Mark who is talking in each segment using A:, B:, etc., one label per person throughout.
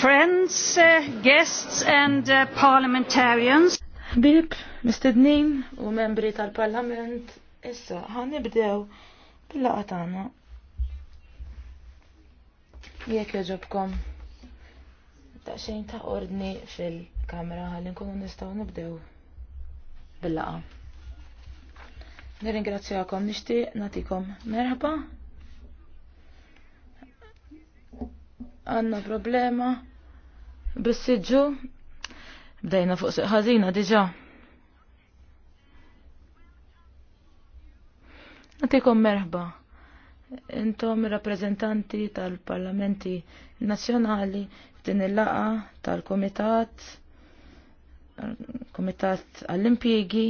A: friends, uh, guests and uh, parliamentarians. Bib, mistednin
B: u membri tal-parlament, issa ħanibdew bil-laqa tagħna. Jekk jogħġobkom daqsxejn ta' ordni fil-kamra ħalli nkunu nistgħu nibdew bil-laqa. Nirringrazzjakom nixtieq natikom merħba. għanna problema bis-sidġu bdejna fuq ħażina diġa. Għatikom merħba. Intom rappresentanti tal-parlamenti nazzjonali f'din il-laqa tal-komitat komitat għall-impjegi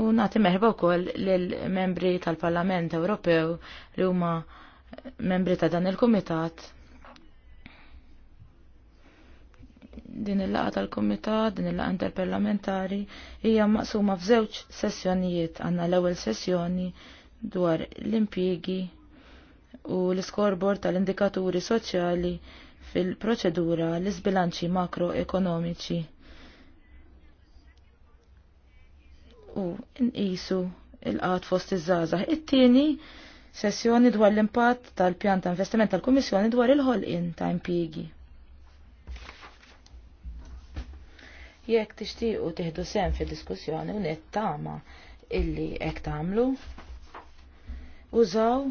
B: u nagħti merħba wkoll lill membri tal-Parlament Ewropew li huma membri ta' dan il-Kumitat din il-laqa tal-komitat, din il-laqa interparlamentari, hija maqsuma f'żewġ sessjonijiet għanna l-ewwel sessjoni dwar l impjiegi u l-iskorbor tal-indikaturi soċjali fil-proċedura l sbilanċi makroekonomiċi. U nqisu il-qat fost iż-żgħażagħ. It-tieni sessjoni dwar l-impatt tal-pjan ta' investiment tal-Kummissjoni dwar il-ħolqien ta' impjiegi. Jekk tixtiequ tieħdu sem fid-diskussjoni u nittama illi hekk tagħmlu, użaw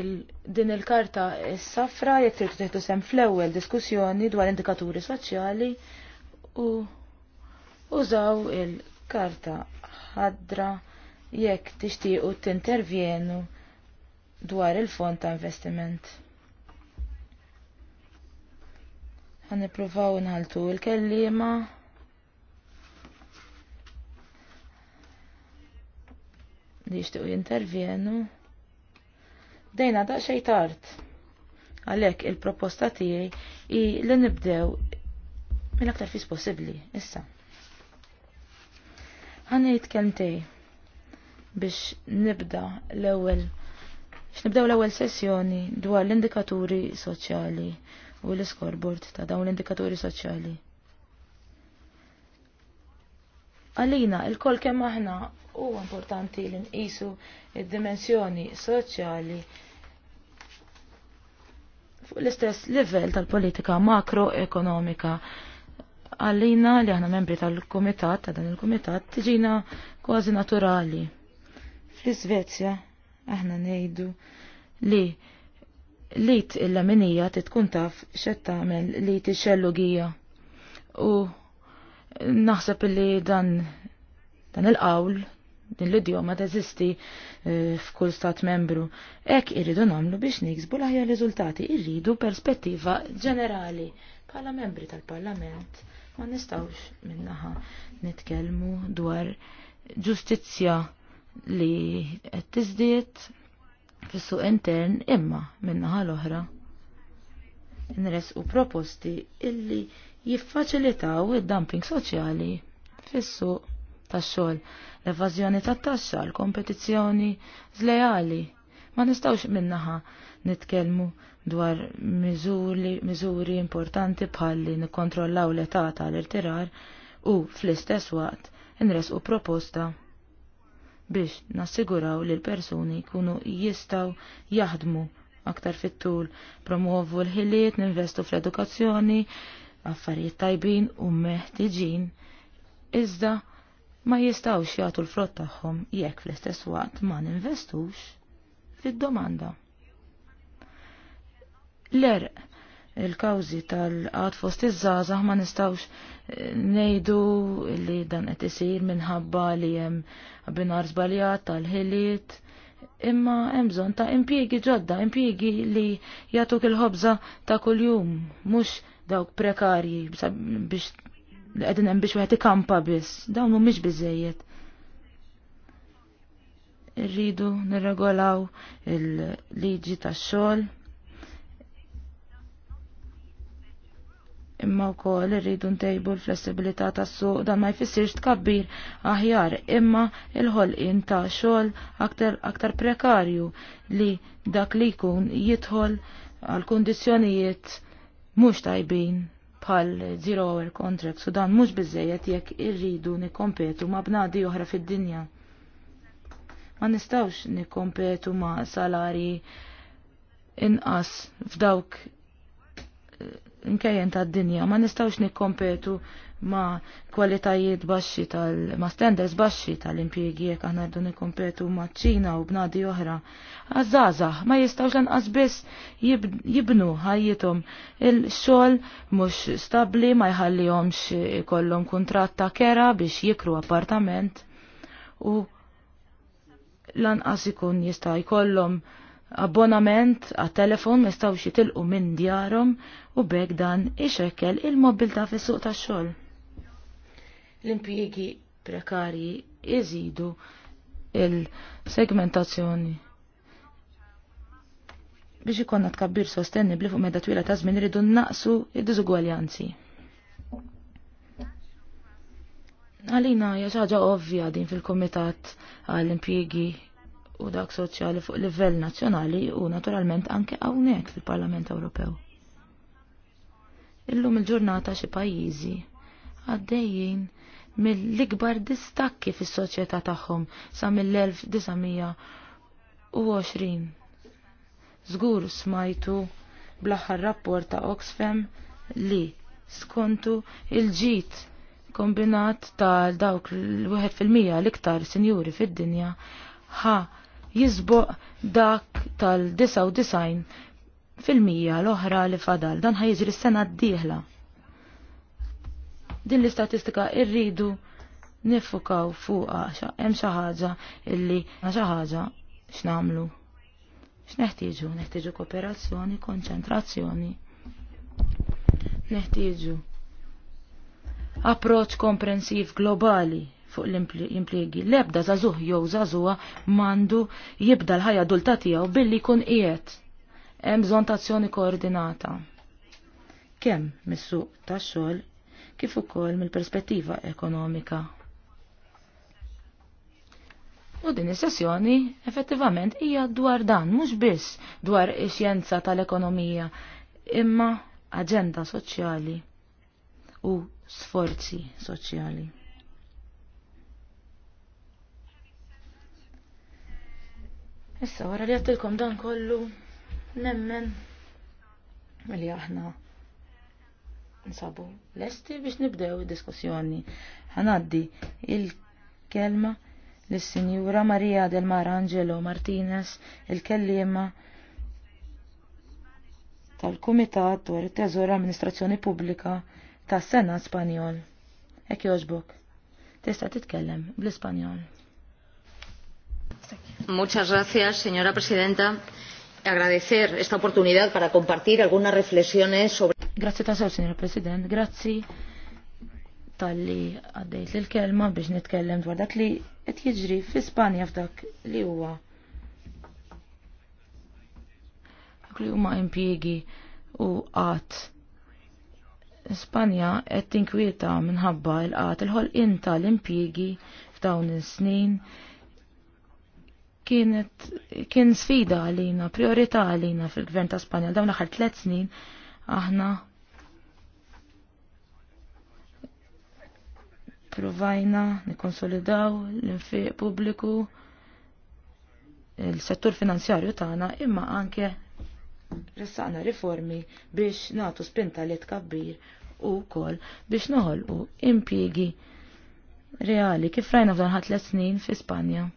B: il din il-karta s-safra jekk trid teħdu sem fl-ewwel diskussjoni dwar indikaturi soċjali u użaw il-karta ħadra jekk tixtiequ tintervjenu dwar il-fond ta' investiment. Ħan nippruvaw nħaltu il-kellima. li jixtiequ jintervjenu. Dejna da xej tard. Għalhekk il-proposta tiegħi i li nibdew mill-aktar fis possibbli issa. Ħanejt kentej biex nibda l-ewwel nibdew l-ewwel sessjoni dwar l-indikaturi soċjali u l-iskorbord ta' dawn l-indikaturi soċjali. Għalina, il-kol kemm aħna huwa importanti li nqisu id-dimensjoni soċjali fuq l-istess livell tal-politika makroekonomika. Alina li aħna membri tal-komitat, ta' dan il-komitat, tiġina kważi naturali. Fl-Svezja, aħna nejdu li li t-laminija t-tkun taf xetta tagħmel li t-xellugija u naħseb illi dan dan il-qawl din l-idjoma teżisti eh, f'kull stat membru. Ek irridu namlu biex niksbu laħja riżultati, irridu perspettiva ġenerali. Bħala membri tal-parlament ma nistawx minnaħa nitkelmu dwar ġustizzja li qed tiżdiet fis-suq intern imma minnaħa l-oħra nresqu proposti illi jiffaċilitaw id-dumping soċjali fis-suq tax-xogħol, l-evażjoni tat-taxxa, l-kompetizzjoni żlejali. Ma nistgħux minnaħa nitkellmu dwar miżuri importanti bħalli nikkontrollaw l-età tal-irtirar u fl-istess waqt inresqu proposta biex nassiguraw li l-persuni kunu jistaw jaħdmu aktar fit-tul, promuovu l-ħiliet, ninvestu fl-edukazzjoni, affarijiet tajbin u meħtiġin iżda ma jistawx jagħtu l-frott tagħhom jekk fl-istess waqt ma ninvestux fid-domanda. L-erq il-kawżi tal-qad fost iż-żgħażagħ ma nistawx eh, ngħidu li dan qed isir minħabba li hemm binar żbaljat tal-ħiliet imma hemm bżonn ta' impjiegi ġodda, impjiegi li jagħtuk il-ħobża ta' kuljum, mhux dawk prekarji biex li qegħdin hemm biex wieħed ikampa biss, dawn mhumiex biżejjed. Irridu nirregolaw il-liġi tax-xogħol. Imma wkoll irridu ntejbu l-flessibilità tas-suq dan ma jfissirx tkabbir aħjar imma il-ħolqien ta' xogħol aktar, aktar prekarju li dak li jkun jidħol għal kundizzjonijiet mhux tajbin bħal zero hour contract, u dan mhux bizzejet jekk irridu nikkompetu ma' bnadi oħra fid-dinja. Ma nistawx nikkompetu ma' salari inqas f'dawk eh, nkejjen tad-dinja, ma nistawx nikkompetu ma' kwalitajiet baxxi tal ma' standards baxxi tal-impjiegi jekk aħna rdu nikkompetu ma' ċina u bnadi oħra. Azzaza, ma jistawx lan biss jibnu ħajjithom il-xogħol mhux stabbli ma jħallihomx ikollhom kuntratt ta' kera biex jikru appartament u lanqas ikun jista' jkollhom abbonament għat telefon ma jistgħux jitilqu minn djarhom u bekk dan ixekkel il-mobilta fis-suq tax-xogħol l-impjiegi prekarji iżidu il-segmentazzjoni. Biex ikonna tkabbir sostenibli fuq medda twila ta' żmien iridu naqsu id-diżugwaljanzi. Għalina hija ħaġa ovvja din fil-Kumitat għall-impjiegi u dak soċjali fuq livell nazzjonali u naturalment anke hawnhekk fil-Parlament Ewropew. Illum il-ġurnata xi pajjiżi għaddejjin mill-ikbar distakki fis-soċjetà tagħhom sa mill-1920. Żgur smajtu bl-aħħar rapport ta' Oxfam li skontu il-ġit kombinat tal dawk l-1 fil-mija l-iktar sinjuri fid-dinja ħa jizboq dak tal-99 fil-mija l-oħra li fadal dan ħajġri s-sena d-dieħla. Din l-istatistika irridu nifukaw fuqa hemm xi ħaġa illi xi ħaġa x'namlu. X'neħtieġu? Neħtieġu kooperazzjoni, konċentrazzjoni. Neħtieġu approċ komprensiv globali fuq l-impjegi. Lebda zazuh jew zazuha mandu jibda l-ħajja adulta tiegħu billi jkun qiegħed. Hemm bżonn tazzjoni koordinata. Kemm mis-suq tax-xogħol kif ukoll mill-perspettiva ekonomika. U din is-sessjoni effettivament hija dwar dan mhux biss dwar ix-xjenza tal-ekonomija imma aġenda soċjali u sforzi soċjali. Issa wara li għattilkom dan kollu nemmen li aħna nsabu l-esti biex nibdew diskussjoni. Għanaddi il-kelma l sinjura Maria del Mar Angelo Martinez, il-kellima tal-Kumitat dwar it-Teżor Amministrazzjoni Pubblika tas-Senat Spanjol. Ek joġbok, Tista' titkellem bl spanjol
C: Muchas gracias, señora presidenta. Agradecer esta oportunidad para compartir algunas reflexiones sobre
B: Grazzi ta' sew, Signor President, grazzi tal-li għaddejt l-kelma biex nitkellem dwar dak li qed jiġri fi Spanja f'dak li huwa. Dak li huma impjiegi u qatt. Spanja qed tinkwieta minħabba l-qat il-ħolqien tal-impjiegi f'dawn is-snin kienet kien sfida għalina, priorità għalina fil-gvern ta' Spanja dawn l-aħħar tliet snin aħna Provajna nikonsolidaw l-infiq pubbliku il-settur finanzjarju tagħna imma anke ressaqna riformi biex nagħtu spinta li tkabbir u wkoll biex noħolqu impjiegi reali kif rajna f'dan ħadd tliet snin fi Spanja.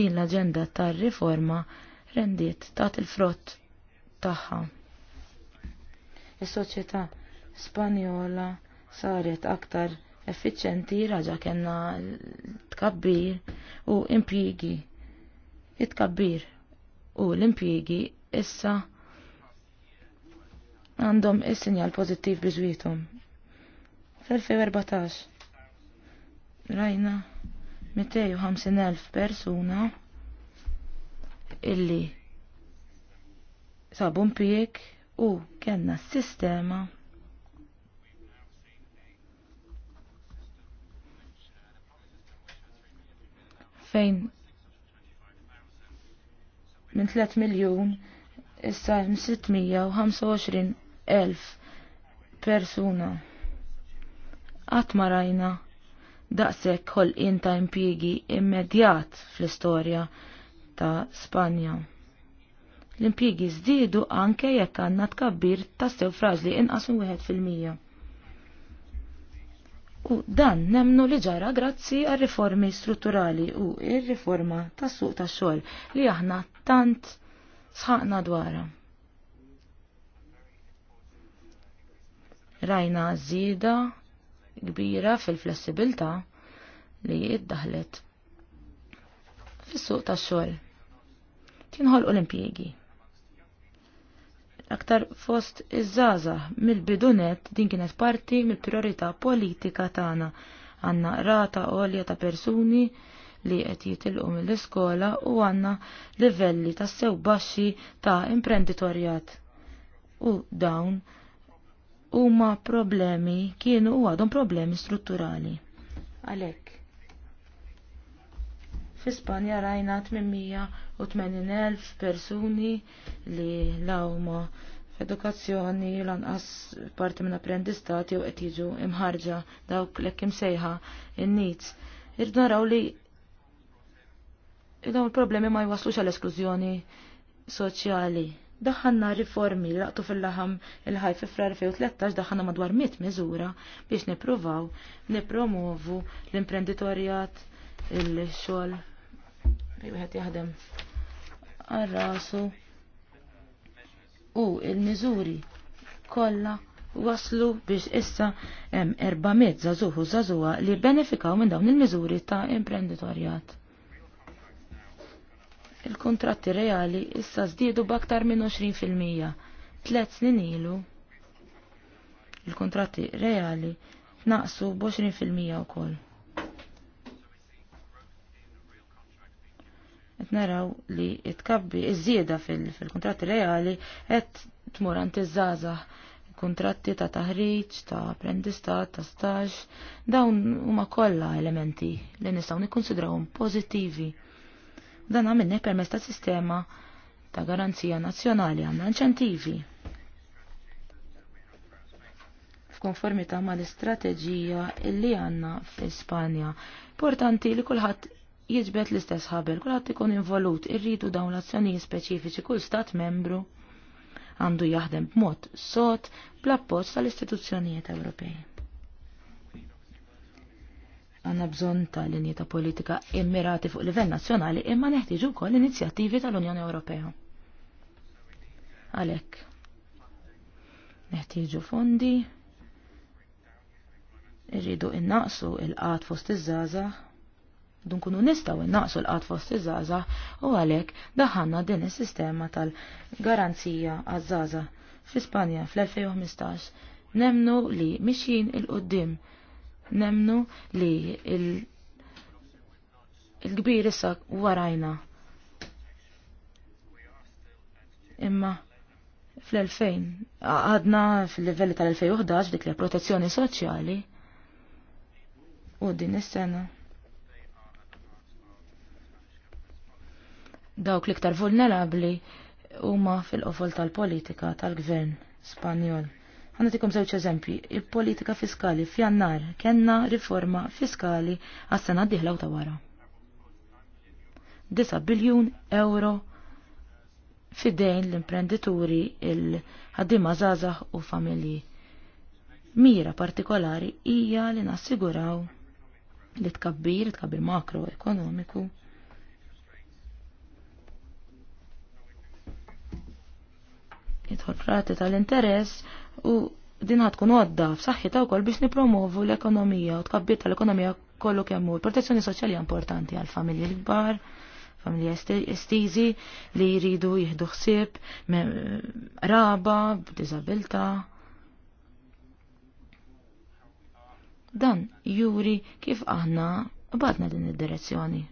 B: Din l-aġenda tar-riforma rendiet tat il-frott tagħha. Is-soċjetà Spanjola saret aktar effiċenti raġa kena tkabbir u impjiegi. It-tkabbir u l-impjiegi issa għandhom is-sinjal pozittiv biżwietom. Fl-2014 rajna 250.000 persuna illi sabu impjieg u kellna s sistema fejn minn 3 miljon issa 625 elf persuna. Għatma rajna daqsek ħolqien ta' impjiegi immedjat fl-istorja ta' Spanja. l impiegi zdidu anke jekk għandna tkabbir ta' stew frażli inqas minn wieħed fil-mija. U dan nemnu li ġara grazzi għal riformi strutturali u il riforma tas suq tax xogħol li aħna tant sħaqna dwarha. Rajna żieda kbira fil-flessibilità li id-daħlet fis-suq tax xogħol. Tinħol l-impjiegi aktar fost iż-żaza mill-bidunet din kienet parti mill-priorità politika tagħna. Għanna rata għolja ta' persuni li qed jitilqu mill-iskola u għanna livelli ta' sew baxxi ta' imprenditorjat. U dawn huma problemi kienu u għadhom problemi strutturali. Għalhekk Fi Spanja rajna 880.000 persuni li lawma f'edukazzjoni lanqas parti minn apprendistati u qed jiġu imħarġa dawk l sejħa in-nits. Irdu naraw li dawn il-problemi ma jwaslux għal esklużjoni soċjali. Daħanna riformi li laqtu fil-laħam il-ħajf fl-2013 daħanna madwar 100 miżura biex nipruvaw nipromovu l-imprenditorjat il-xogħol li wieħed jaħdem għal rasu u il-miżuri kollha waslu biex issa hemm 400 zazuħu zazuha li benefikaw minn dawn il-miżuri ta' imprenditorjat. Il-kontratti reali issa żdiedu b'aktar minn 20 fil-mija. Tlet snin ilu il-kontratti reali naqsu b'20 fil-mija wkoll. qed naraw li tkabbi iż-żieda fil-kuntratti reali qed tmur għand iż-żgħażagħ kuntratti ta' taħriġ, ta' apprendistat, ta' staġ, dawn huma kollha elementi li nistgħu nikkonsidrawhom pożittivi. Dan għamilni permezz ta' sistema ta' garanzija nazzjonali għandna inċentivi. F'konformità mal-istrateġija illi għandna fl-Ispanja. Importanti li kulħadd jiġbed l-istess ħabel, kulħadd ikun involut irridu dawn l-azzjonijiet speċifiċi kull stat membru għandu jaħdem b'mod sot bl-appoġġ tal-istituzzjonijiet Ewropej. Għanna bżonn ta' linji ta' politika immirati fuq livell nazzjonali imma neħtieġu wkoll inizjattivi tal-Unjoni Ewropea. Għalhekk neħtieġu fondi, irridu innaqsu il-qat fost iż-żgħażagħ dun kunu nistaw innaqsu l-qat fost iż-żaza u għalek daħanna din is-sistema tal-garanzija għaż-żaza. fi ispanja fl-2015 nemnu li mixin il-qoddim nemnu li il-kbir issa warajna. Imma fl-2000 għadna fil-livelli tal-2011 dik li protezzjoni soċjali u din is-sena Dawk l-iktar vulnerabli huma fil-qofol tal-politika tal-gvern Spanjol. Għanatikom żewġ eżempji, il-politika fiskali f'jannar kena riforma fiskali għas-sena diħla u ta' wara. 9 biljun euro fidejn l-imprendituri il-ħaddima zazax u familji. Mira partikolari hija li nassiguraw li tkabbir, tkabbir makroekonomiku, jidħol frati tal-interess u din ħatkun għodda u kol biex nipromovu l-ekonomija u tkabbir tal-ekonomija kollu kemm hu. Protezzjoni soċjali importanti għal familji l-kbar, familji estizi li jridu jieħdu ħsieb raba, b'diżabilità. Dan juri kif aħna badna din id-direzzjoni.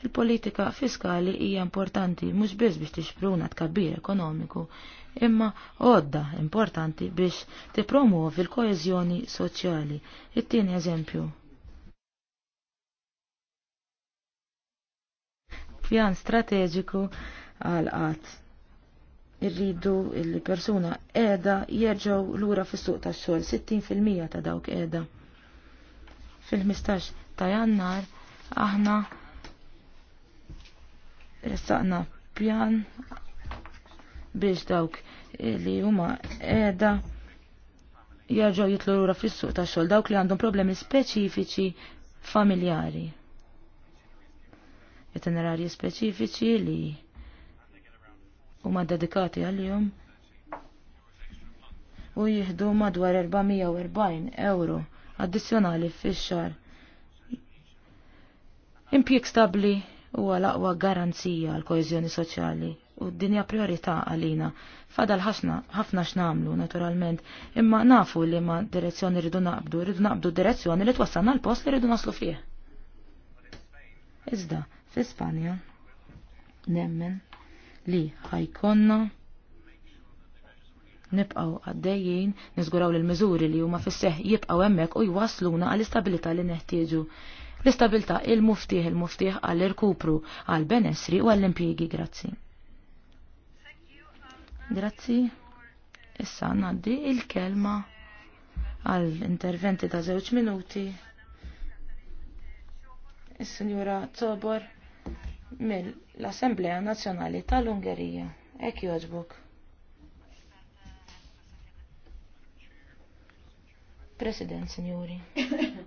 B: Il-politika fiskali hija importanti mhux biss biex tixbruna tkabbir ekonomiku, imma għodda importanti biex tipromuvi l-koezjoni soċjali. It-tieni eżempju. Pjan strateġiku għal qatt. Irridu il-persuna qiegħda jerġgħu lura fis-suq tax-xogħol 60% ta' dawk qiegħda. Fil-15 ta' Jannar aħna ressaqna pjan biex dawk li huma edha jarġaw jitlu lura fis-suq tax-xogħol dawk li għandhom problemi speċifiċi familjari. Itinerarji speċifiċi li huma dedikati għalihom u jihdu madwar 440 euro addizjonali fix-xar. Impjek stabli huwa l-aqwa garanzija għal koeżjoni soċjali u d-dinja priorità għalina. Fadal ħafna, ħafna x'namlu naturalment, imma nafu li ma direzzjoni rridu naqbdu, rridu naqbdu direzzjoni li twassalna l-post li rridu naslu fih. Iżda, fi Spanja, nemmen li ħajkonna nibqaw għaddejjien, nizguraw l-mizuri li huma fis seħħ jibqaw hemmhekk u jwasluna għall-istabilità li neħtieġu. l istabilità il-muftiħ il-muftiħ għall-irkupru, għall-benessri u għall-impjegi grazzi. Grazzi. Issa naddi il-kelma għall interventi ta' żewġ minuti. Is-Sinjura Tobor mill-Assemblea Nazzjonali tal-Ungerija. Ek joġbuk. President, Sinjuri.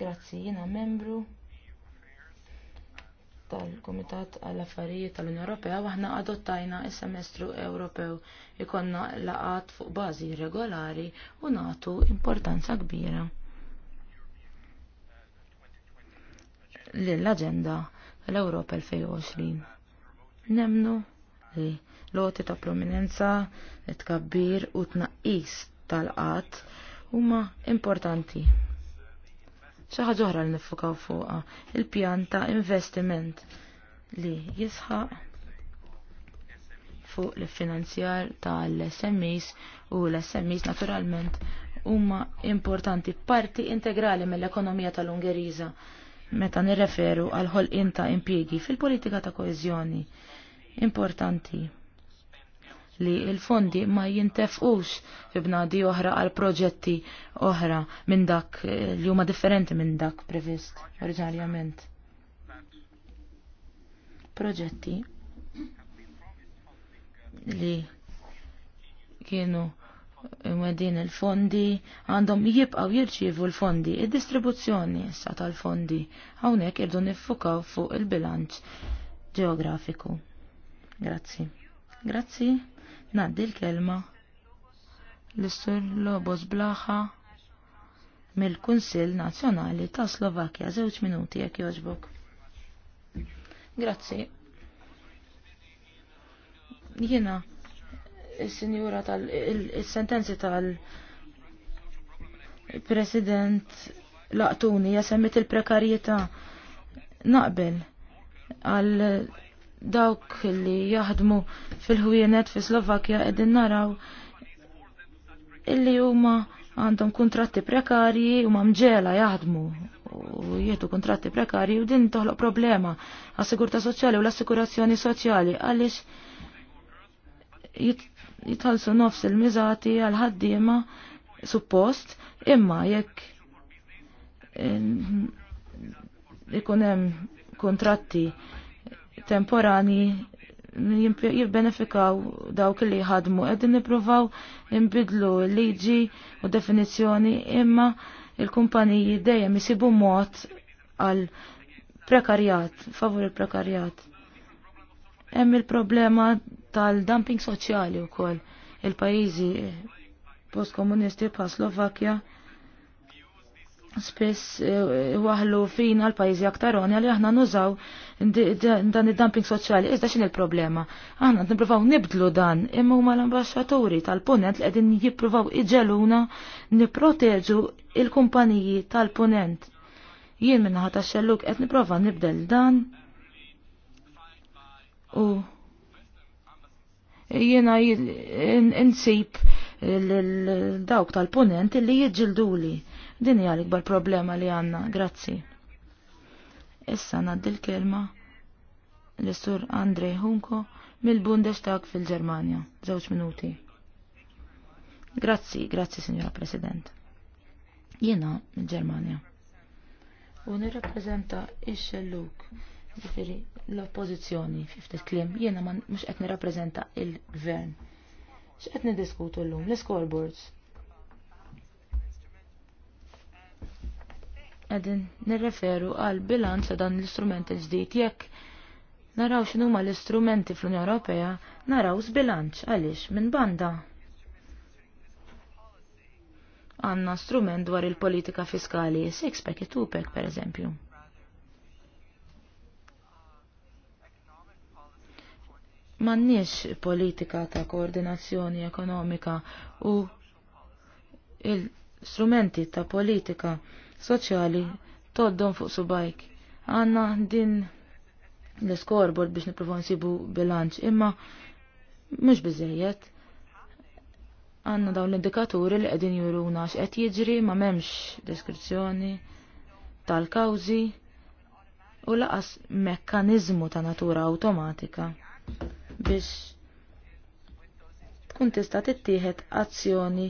B: Grazzi, jina membru tal-Kumitat għall-Affarijiet tal-Unjoni Ewropea waħna adottajna s semestru Ewropew ikonna laqat fuq bażi regolari u natu importanza kbira. Lill-Aġenda l-Ewropa 2020. Nemnu li loti ta' prominenza, tkabbir u tnaqqis tal-qat huma importanti ċaħġa oħra li nifukaw fuqa, il-pjan ta' investiment li jisħaq fuq l-finanzjar ta' l-SMEs u l-SMEs naturalment huma importanti parti integrali mill-ekonomija tal-Ungeriża meta nirreferu għal ħolqien ta' impjiegi fil-politika ta' koeżjoni. Importanti li il-fondi ma jintefqux fi bnadi oħra għal proġetti oħra minn dak eh, li huma differenti minn dak previst oriġinarjament. Proġetti li kienu imwedin il-fondi għandhom jibqaw jirċivu l-fondi, id-distribuzzjoni issa tal-fondi, hawnhekk irdu niffukaw fuq il-bilanċ ġeografiku. Grazzi. Grazzi. Naddi l-kelma l-Sur Lobos Blaha, mill-Kunsill Nazzjonali ta' Slovakkja żewġ minuti jekk jogħġbok. Grazzi. Jiena il sinjura tal-sentenzi tal-President laqtuni jasemmet il-prekarjetà naqbel għal dawk li jaħdmu fil-ħwienet fi Slovakkja qegħdin naraw illi huma għandhom kontratti prekarji u mġela jaħdmu u jietu kontratti prekarji u din toħloq problema għas-sigurta soċjali u l-assikurazzjoni soċjali għaliex jitħalsu nofs il-miżati għal ħaddiema suppost imma jekk ikun hemm kontratti temporani jibbenefikaw dawk li jħadmu. Edin niprofaw imbidlu liġi u definizjoni imma il-kumpaniji dejjem jisibu mod għal prekarjat, favur il-prekarjat. Hemm il-problema tal-dumping soċjali wkoll il-pajjiżi post-komunisti pa' Slovakkja spess eh, eh, waħlu fina għal-pajzi aktar għoni għalli aħna nużaw dan id-dumping soċjali. Iżda xin il-problema? Aħna nippruvaw nibdlu dan imma huma l-ambaxxaturi tal-punent li qegħdin jippruvaw iġeluna nipproteġu il-kumpaniji tal-punent. Jien minna tax-xelluk qed nipprova nibdel dan u jiena insib dawk tal-punent li jiġġilduli. Din hija l-ikbar problema li għandna, grazzi. Issa ngħaddi l-kelma l-sur Andrej Hunko mill-Bundestag fil-Ġermanja. Żewġ minuti. Grazzi, grazzi, Signora President. Jiena mill-Ġermanja. U nirrappreżenta ix-xelluk ġifiri l-oppozizjoni fiftit ftit kliem, jiena mhux qed nirrappreżenta il-gvern. X'qed niddiskutu llum l-scoreboards. għedin nirreferu għal bilanċ ta' dan l-istrument il-ġdijt jekk naraw xinu ma l-istrumenti fl-Unjoni Ewropea naraw s-bilanċ għalix minn banda. Għanna strument dwar il-politika fiskali, six-pack e two-pack per eżempju. Mannix politika ta' koordinazzjoni ekonomika u il-strumenti ta' politika soċjali toddon fuq subajk. Għanna din l-scoreboard biex niprofaw nsibu bilanċ, imma mhux biżejjed. Għanna dawn l-indikaturi li qegħdin juruna x'qed jiġri ma m'hemmx deskrizzjoni tal-kawżi u laqas mekkaniżmu ta' natura awtomatika biex tkun tista' tittieħed azzjoni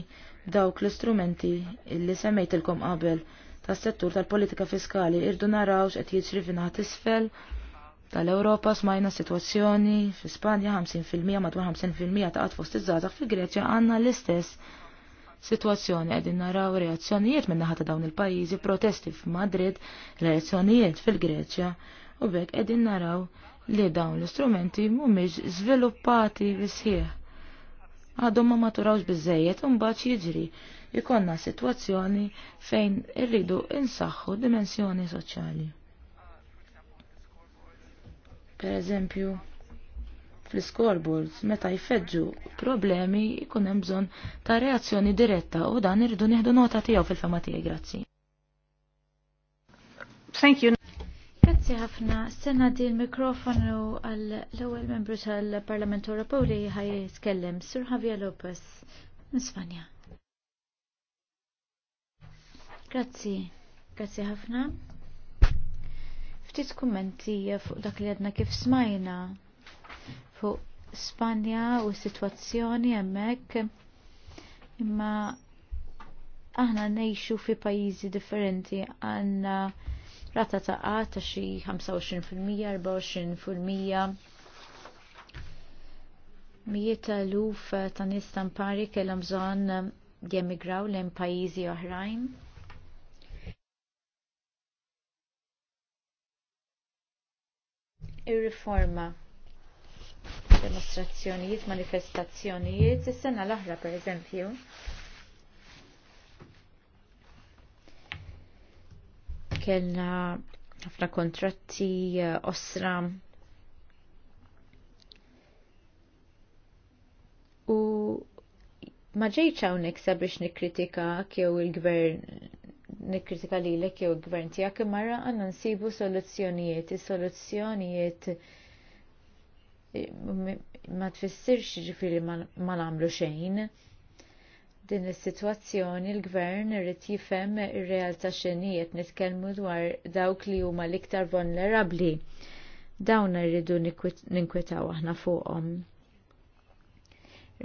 B: dawk l-istrumenti illi semmejtilkom qabel tas-settur tal-politika fiskali irdu naraw x'qed jiġri fingħat isfel tal-Ewropa smajna sitwazzjoni fi Spanja 50% madwar 50% ta' fost iż-żgħażagħ fi Greċja għandna l-istess sitwazzjoni qegħdin naraw reazzjonijiet minn naħa ta' dawn il-pajjiżi, protesti f'Madrid, reazzjonijiet fil-Greċja u bekk qegħdin naraw li dawn l-istrumenti mhumiex żviluppati bisħieħ għadhom ma maturawx biżejjed u mbagħad jiġri ikonna sitwazzjoni fejn irridu insaħħu dimensjoni soċjali. Per eżempju, fl-scoreboards meta jfeġġu problemi jkun hemm bżonn ta' reazzjoni diretta u dan irridu nieħdu nota tiegħu fil-fema tiegħi grazzi.
A: Thank you.
C: Grazzi ħafna. Sena di l-mikrofonu għall ewwel membru tal-Parlament Ewropew li ħaj jitkellem, Sur Javier Lopez, Spanja. Grazzi, grazzi ħafna. Ftit kummenti fuq dak li għadna kif smajna fuq Spanja u s-sitwazzjoni hemmhekk. Imma aħna nejxu fi pajjiżi differenti għandna rata ta' qat ta' xi 25%, 24%. Mijiet ta' luf ta' nistan pari kellhom bżonn jemigraw lejn pajjiżi oħrajn. Ir-riforma demonstrazzjonijiet, manifestazzjonijiet, is-sena l-aħra per eżempju, kellna ħafna kontratti eh, osra u ma ġejċ hawnhekk sabiex nikkritika jew il-gvern nikkritika lilek jew il-gvern tiegħek imma għandna nsibu soluzzjonijiet, is-soluzzjonijiet eh, ma tfissirx ġifieri ma nagħmlu xejn din is-sitwazzjoni l-gvern irid jifhem ir-realtà x'inhiet nitkellmu dwar dawk li huma l-iktar vulnerabbli. Dawn irridu ninkwetaw aħna fuqhom.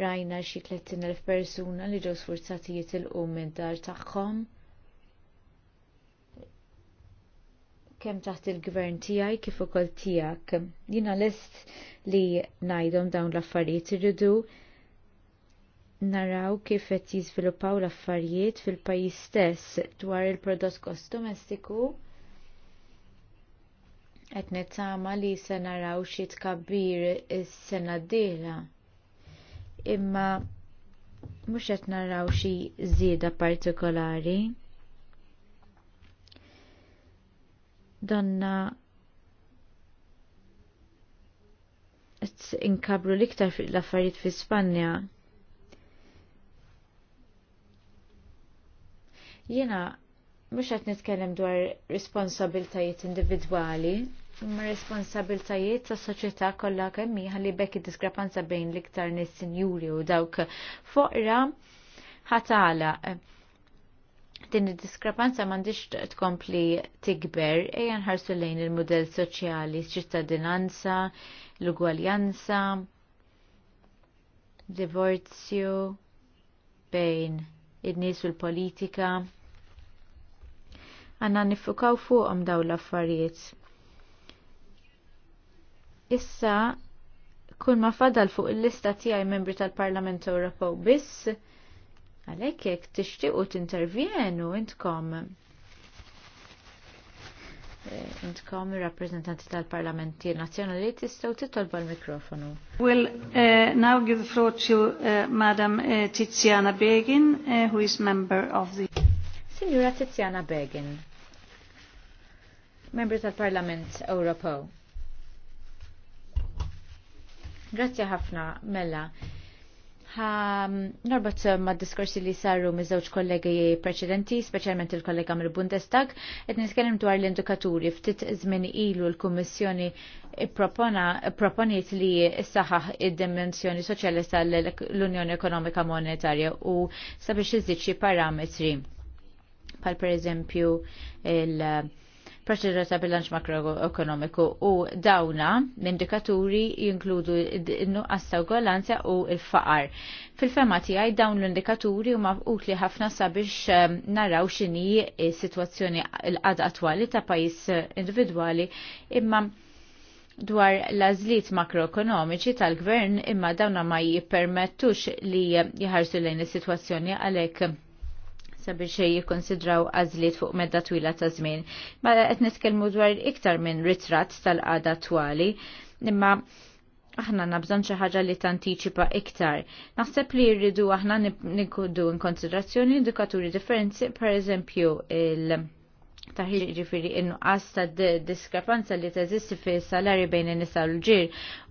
C: Rajna xi 30,000 persuna li ġew sfurzati ilqu minn dar tagħhom. Kemm taħt il-gvern tiegħi kif ukoll tiegħek. Jiena lest li ngħidhom dawn l-affarijiet irridu naraw kif qed jiżviluppaw l-affarijiet fil-pajjiż stess dwar il-prodott kost domestiku qed nittama li se naraw xi tkabbir is-sena d-dieħla. Imma mhux qed naraw xi żieda partikolari. Donna inkabru l-iktar l affarijiet fi Spanja Jiena mhux qed nitkellem dwar responsabiltajiet individwali, imma responsabiltajiet tas soċjetà kollha kemm li bekk id-diskrepanza bejn l-iktar nies sinjuri u dawk foqra ħatala. Din id-diskrepanza m'għandix tkompli tikber ejja nħarsu lejn il-mudell soċjali, ċittadinanza, l-ugwaljanza, divorzju bejn id-nies u l-politika. Għanna nifukaw fuqhom daw l-affarijiet. Issa kun ma fadal fuq il-lista tiegħi membri tal-Parlament Ewropew biss, għalhekk jekk tixtiequ tintervjenu intkom Eh, intkom rappresentanti tal-Parlamenti Nazzjonali tistgħu titolba l-mikrofonu.
A: We'll uh, now give the floor to uh, Madam uh, Tiziana Begin, uh, who is member of the Signora Tiziana Begin,
C: membru tal-Parlament Ewropew. Grazzi ħafna, Mella. Uh, Mm, norbot eh, ma' diskorsi li saru miż-żewġ kollegi preċedenti, speċjalment il-kollega mill-Bundestag, qed niskenem dwar l-indikaturi ftit żmien ilu l-Kummissjoni proponiet li s-saħaħ id-dimensjoni soċjali tal-Unjoni Ekonomika Monetarja u sabiex iżid parametri bħal pereżempju il- proċedura ta' bilanċ makroekonomiku u dawna l-indikaturi jinkludu il nuqqas ta' ugolanza u l-faqar. Fil-fema tiegħi dawn l-indikaturi huma li ħafna sabiex ehm, naraw x'inhi s-sitwazzjoni l-qad attuali ta' pajjiż individwali imma dwar l-azliet makroekonomiċi tal-gvern imma dawna ma jippermettux li jħarsu lejn is-sitwazzjoni għalhekk sabiex jikkonsidraw għażliet fuq medda twila ta' żmien. Mela qed nitkellmu dwar iktar minn ritratt tal-qada twali, imma aħna nabżon xi ħaġa li tantiċipa iktar. Naħseb li rridu aħna nikudu in indikaturi differenzi, pereżempju il- taħir ġifiri innuqqas ta' diskrepanza li teżisti fi salari bejn in-nisa u l-ġir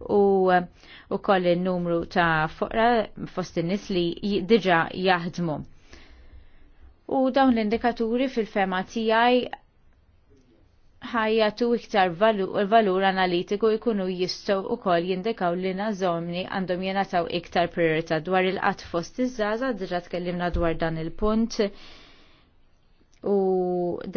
C: u koll il-numru ta' fuqra fost in-nis li diġa jaħdmu u dawn l-indikaturi fil-fema tiegħi ħajjatu iktar valur analitiku jkunu jistgħu wkoll jindikaw li nażomni għandhom jenataw iktar priorità dwar il qat fost iż-żaża diġà tkellimna dwar dan il-punt u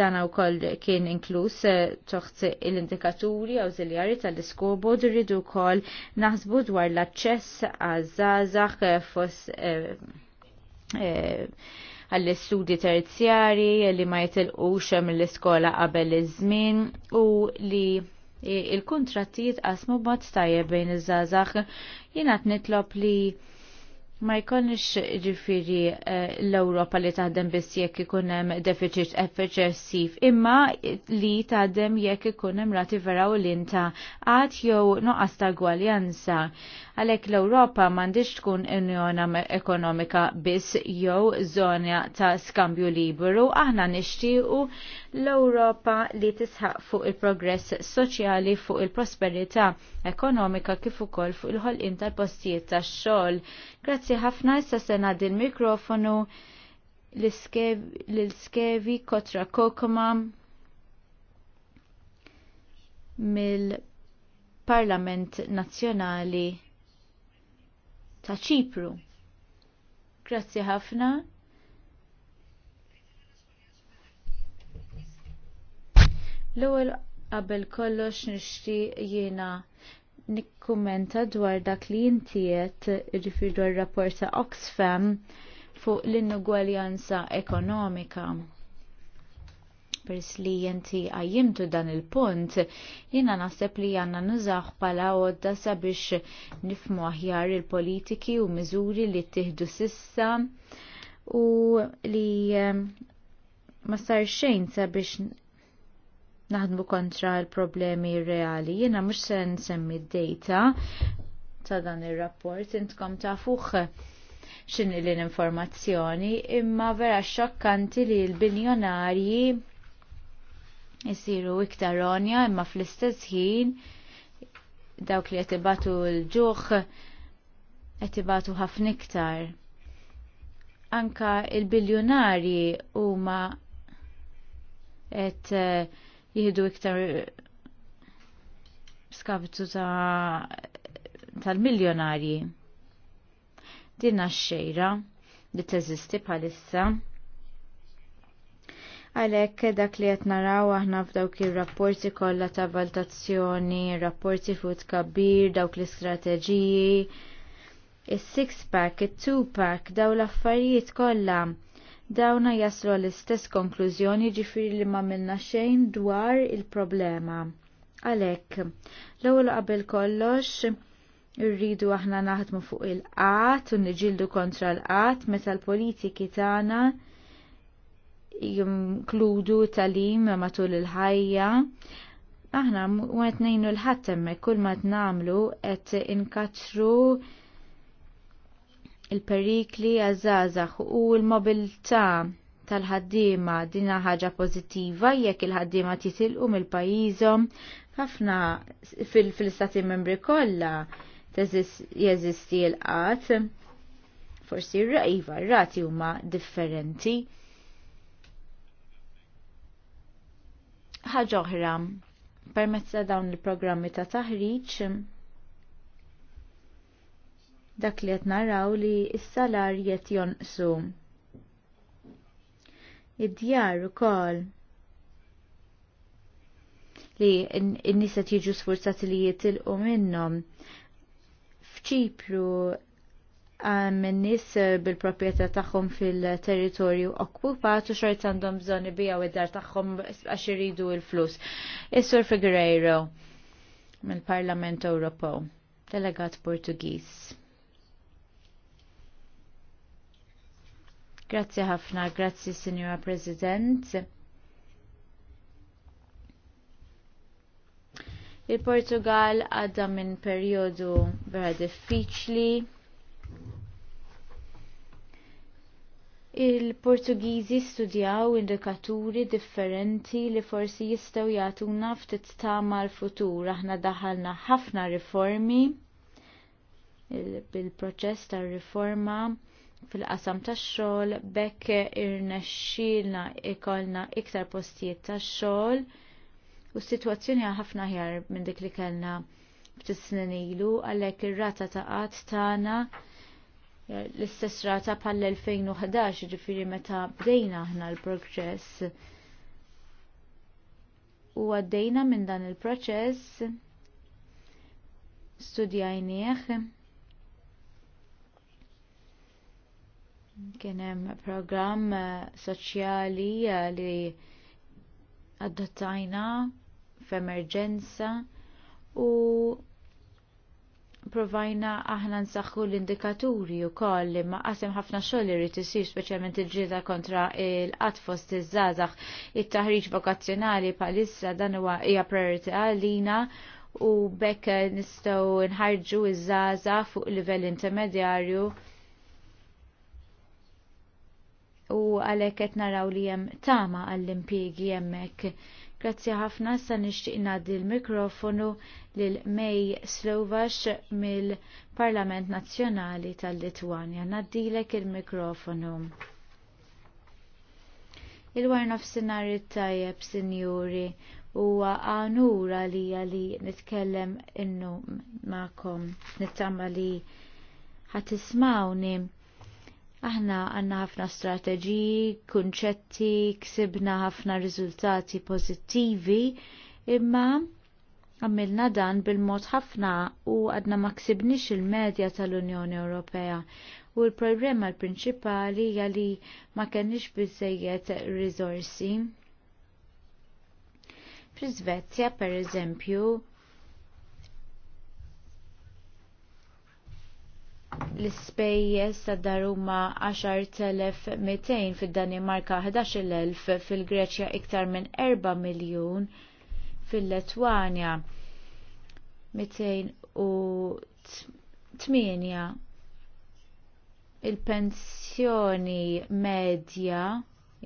C: dan wkoll kien inkluż eh, toħt l-indikaturi awżiljari tal-iskobod irridu wkoll naħsbu dwar l-aċċess għaż-żgħażagħ eh, fost eh, għall-istudji terzjari li ma jitilqux mill-iskola qabel iż-żmien u li il-kontratti qasmu b'mod tajjeb bejn iż-żgħażagħ jingħad nitlob li Ma jkollniex ġifiri eh, l-Ewropa li taħdem biss jekk ikun hemm deficit eċessiv, imma li taħdem jekk ikun hemm rati vera u linta għad jew noqas ta' gwaljanza. Għalhekk l-Ewropa m'għandix tkun unjona ekonomika biss jew żona ta' skambju liberu, aħna nixtiequ l-Ewropa li tisħaq fuq il-progress soċjali fuq il-prosperità ekonomika kif ukoll fuq il-ħolqien tal-postijiet tax-xogħol. Grazzi ħafna issa ngħaddi l mikrofonu l-skevi kotra kokoma mill-Parlament Nazzjonali ta' Ċipru. Grazzi ħafna. L-ewwel qabel kollox nixtieq jiena kummenta dwar dak li intiet ġifir dwar rapport ta' Oxfam fuq l-inugwaljanza ekonomika. Pers li jenti għajimtu dan il-punt, jina naħseb li janna nużax pala għodda sabiex nifmu aħjar il-politiki u miżuri li tiħdu sissa u li eh, ma sar xejn sabiex naħdmu kontra l-problemi reali. Jena mux se nsemmi d-data ta' dan il-rapport, intkom ta' fuħ xini l-informazzjoni, imma vera xokkanti li l-biljonarji jisiru iktar ronja, imma fl-istess ħin dawk li jtibatu l-ġuħ jtibatu ħafna iktar. Anka il-biljonarji huma et uh, eh, jihdu iktar skavitu ta' tal-miljonarji. Dinna xejra li teżisti bħalissa. Għalek dak li qed naraw aħna f'dawk ir-rapporti kollha ta' valutazzjoni, rapporti fuq kabir, dawk l-istrateġiji, il six pack, it-two pack, daw l-affarijiet kollha dawna jaslu l-istess konklużjoni ġifiri li ma minna xejn dwar il-problema. Għalek, l-ewwel qabel kollox, irridu aħna naħdmu fuq il-qat u niġildu kontra l-qat meta l-politiki tagħna jinkludu talim matul il-ħajja. Aħna qed ngħinu l-ħadd hemmhekk kull ma t-namlu qed inkaċru il-perikli għazazax u l-mobilità tal-ħaddiema dina ħaġa pozittiva jekk il-ħaddiema titilqu mill-pajjiżhom ħafna fil-istati membri kollha jeżisti l-qat. Forsi r-raqiva, r-rati huma differenti. Ħaġa oħra, permezz dawn il-programmi ta' taħriġ dak li qed naraw li s-salar qed jonqsu. Id-djar ukoll li n-nies qed jiġu sfurzati li jitilqu minnhom. F'Ċipru għam n-nis bil-propieta taħħom fil-territorju okkupat u xort għandhom bżoni bija u id-dar taħħom għax iridu il-flus. Is-Sur Figueiredo mill-Parlament Ewropew, delegat Portugiż. Grazzi ħafna, grazzi Signora President. Il-Portugal għadda minn periodu vera diffiċli. Il-Portugiżi studjaw indikaturi differenti li forsi jistgħu jagħtuna ftit tama l-futur. Aħna daħalna ħafna riformi bil-proċess tar-riforma fil-qasam tax-xogħol bekk irnexxielna ikolna iktar postijiet tax-xogħol u s-sitwazzjoni ħafna ħjar minn dik li kellna ftit snin ilu għalhekk ir-rata ta' qatt tagħna l-istess rata bħall-2011 ġifieri meta bdejna aħna l-progress u għaddejna minn dan il-proċess studjajnieh Kien hemm programm eh, soċjali eh, li adottajna f'emerġenza u provajna aħna nsaħħu l-indikaturi u koll li ma qasem ħafna xogħol irid isir speċjalment il ġieda kontra il-qatt fost iż-żgħażagħ. It-taħriġ vokazzjonali bħalissa dan huwa hija priorità għalina u bekk nistgħu nħarġu iż-żgħażagħ fuq livell intermedjarju u għalhekk qed naraw li hemm tama għall-impjiegi hemmhekk. Grazzi ħafna sa nixtieq ngħaddi l-mikrofonu lil Mej Slovax mill-Parlament Nazzjonali tal-Litwanja. Naddilek il-mikrofonu. Il-war nofsinhar tajjeb, sinjuri, huwa għanura li li nitkellem innu ma'kom. Nittama li ħatismawni Aħna għanna ħafna strateġiji, kunċetti, ksibna ħafna riżultati pozittivi, imma għamilna dan bil-mod ħafna u għadna ma ksibnix il-medja tal-Unjoni Ewropea. U l-problema l-prinċipali li ma kenniex bizzejiet risorsi. Fri Svezja, per eżempju, l-ispejjeż tad-dar huma 10,200 fid-Danimarka 11,000 fil-Greċja iktar minn 4 miljun fil-Letwanja 208 il-pensjoni medja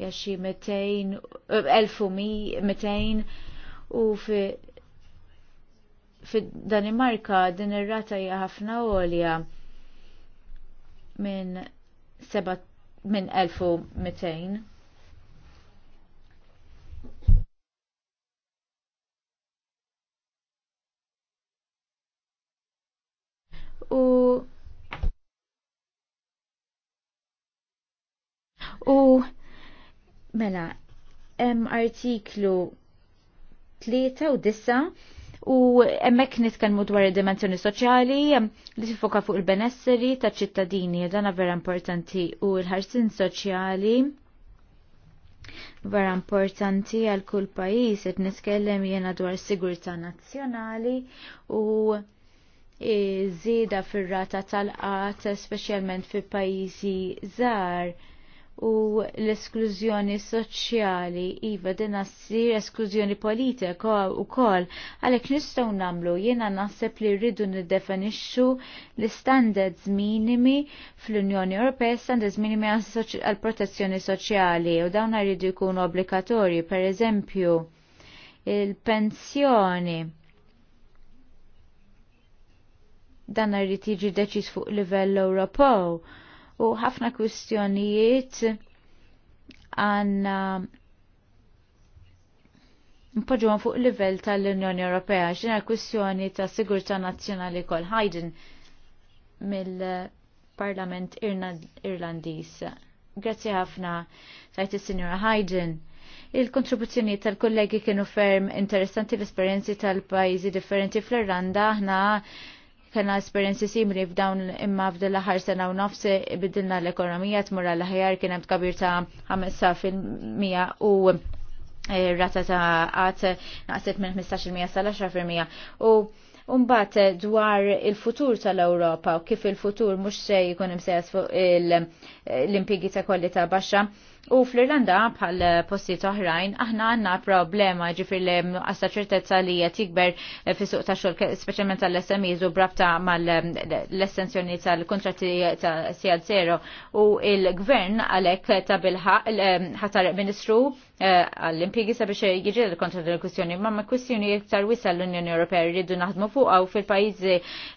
C: ja xi 1200 u fi fid-Danimarka din ir-rata hija ħafna għolja minn minn 1200. U U mela, hemm artiklu 3 u 9 u emmek nitkenmu dwar id-dimensjoni soċjali li tifoka fuq il-benesseri ta' ċittadini, dana vera importanti u l-ħarsin soċjali vera importanti għal kull pajis qed niskellem jiena dwar sigurtà nazzjonali u żieda fir-rata tal-qat speċjalment fi pajjiżi żgħar u l-esklużjoni soċjali iva din assir esklużjoni politika u kol għalek nistaw namlu jena naħseb li rridu niddefinixxu l-standards minimi fl-Unjoni Ewropea standards minimi għal protezzjoni soċjali u dawn rridu jkunu obbligatorji per eżempju il-pensjoni dan rrid jiġi deċiż fuq livell Ewropew u ħafna kwistjonijiet għanna Npoġuħan fuq livell tal-Unjoni Ewropea xina kwistjoni ta' sigurta nazjonali kol ħajden mill-Parlament Irlandis. Grazzi ħafna tajt il-Sinjora Hayden. Il-kontribuzzjoni tal-kollegi kienu ferm interessanti l-esperienzi tal-pajzi differenti fl-Irlanda ħna kena esperienzi simri f'dawn imma l ħar sena u nofsi bidilna l-ekonomija tmur l ħajar kien hemm tkabir ta' 5% u eh, rata ta' għat naqset minn 15% sal-10% u Umbat dwar il-futur tal-Europa u kif il-futur mux se jkun imsejas fuq l-impigi ta' kwalità baxxa, U fl-Irlanda bħal postijiet oħrajn aħna għandna problema ġifir li għasta ċertezza li qed jikber eh, fis-suq ta' xogħol speċjalment tal smis u brabta mal-essenzjoni eh, tal-kontratti ta' sijad zero u il-gvern għalhekk ta' bilħaq eh, ħatar ministru għall-impjegi sabiex jiġi l-kontra l-kwistjoni, ma ma kwistjoni iktar wisa l-Unjoni Ewropea rridu naħdmu fuq għaw fil-pajizi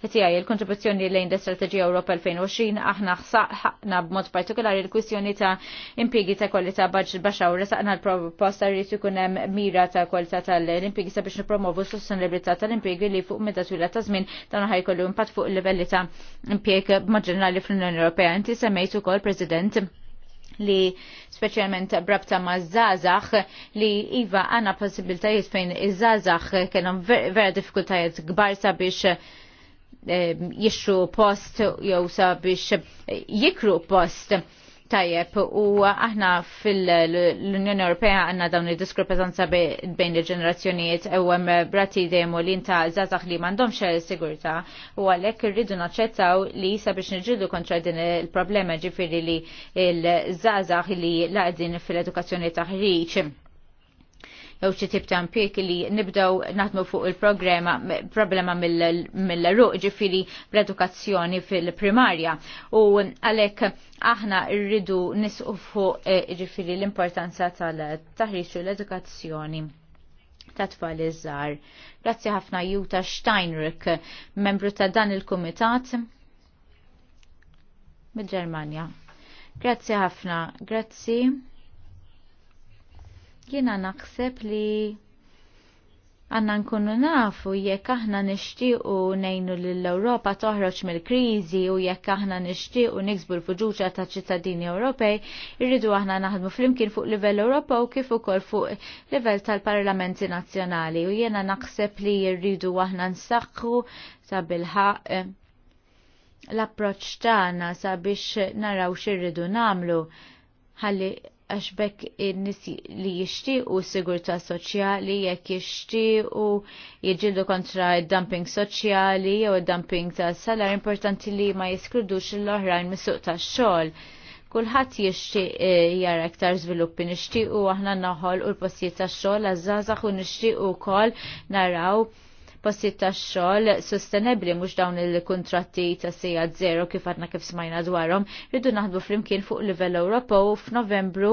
C: tiegħi il-kontribuzzjoni lejn l strategija Ewropa 2020 aħna ħsaqna b'mod partikolari l-kwistjoni ta' impjegi ta' kwalità baxa u saqna l-proposta rrit ikun hemm mira ta' kwalità tal-impjegi sabiex nippromovu s-sostenibilità tal-impjegi li fuq meta twila ta' żmien dan kollu impatt fuq livelli ta' impjeg maġġenerali fl-Unjoni Ewropea. Inti semmejt ukoll President li specialment brabta ma' zazax li iva għanna possibiltajiet fejn iż-żazax kellhom vera diffikultajiet kbar sabiex eh, jixxu post jew sabiex jikru post Tajjeb, u aħna fil-Unjoni Ewropea għanna dawn il-diskrepanza bejn il-ġenerazzjonijiet u għem brati dejjem li l-inta zazax li mandomx sigurta u għalek rridu naċċettaw li jisa biex nġidu kontra din il-problema ġifiri li il-zazax li laqdin fil-edukazzjoni taħriċ jew xi tip ta' li nibdew naħdmu fuq il-programma problema mill-ruq ġifieri bl-edukazzjoni fil-primarja. U għalhekk aħna rridu nisqu fuq e, ġifieri l-importanza tal-taħriġ u l-edukazzjoni ta' tfal iż-żgħar. Grazzi ħafna Juta Steinrich, membru ta' dan il-kumitat mill-Ġermanja. Grazzi ħafna, grazzi. Jiena naħseb li għanna nkunu nafu jekk aħna nixtiequ nejnu l-Ewropa toħroġ mill-kriżi u jekk aħna nixtiequ niksbu l-fuġuċa ta' ċittadini Ewropej, irridu aħna naħdmu flimkien fuq livell Ewropa u kif ukoll fuq livell tal-Parlamenti Nazzjonali u jiena naħseb li jirridu aħna nsaqqu sa' bil-ħaq eh, l-approċċ tagħna sabiex naraw x'irridu nagħmlu ħalli għax bekk in nis li jixtiequ sigurtà soċjali jekk jixtiequ jiġġieldu kontra d-dumping soċjali jew id-dumping ta' salar importanti li ma jiskrudux l-oħrajn misuq ta' tax-xogħol. Kulħadd jixtieq eh, jara aktar żviluppi nixtiequ aħna naħol u l-postijiet tax-xogħol u nishti u nixtiequ wkoll naraw postijiet tax-xogħol sostenibbli mhux dawn il-kuntratti ta' sija zero kif għadna kif smajna dwarhom, rridu naħdmu flimkien fuq livell u f'Novembru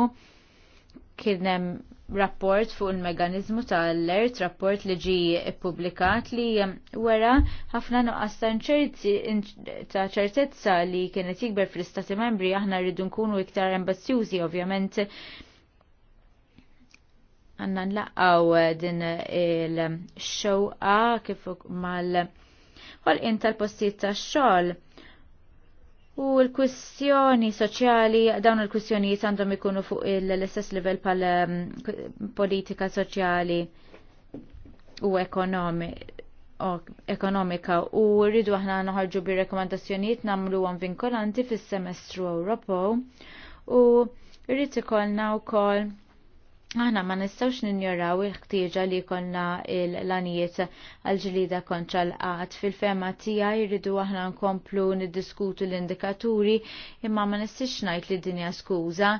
C: kien hemm rapport fuq il-meganizmu ta' alert, rapport li ġi publikat li wara ħafna nuqqas ta' ċertezza li kienet jikber fl-Istati Membri aħna rridu nkunu iktar ambizzjużi ovvjament għanna nlaqaw eh, din il-xewqa kif mal inta tal-postijiet tax-xogħol. U l-kwistjoni soċjali, dawn il-kwistjonijiet għandhom ikunu fuq l-istess livell pal ehm, politika soċjali u ekonomi ekonomika u rridu aħna noħarġu bi rekomandazzjonijiet namlu għan vinkolanti fis-semestru Ewropew u rrid ikollna wkoll Aħna ma nistawx ninjoraw il-ħtieġa li konna l-lanijiet għal-ġlida kontra l-qat. Fil-fema tija jridu aħna nkomplu niddiskutu l-indikaturi imma ma nistix najt li dinja skuza.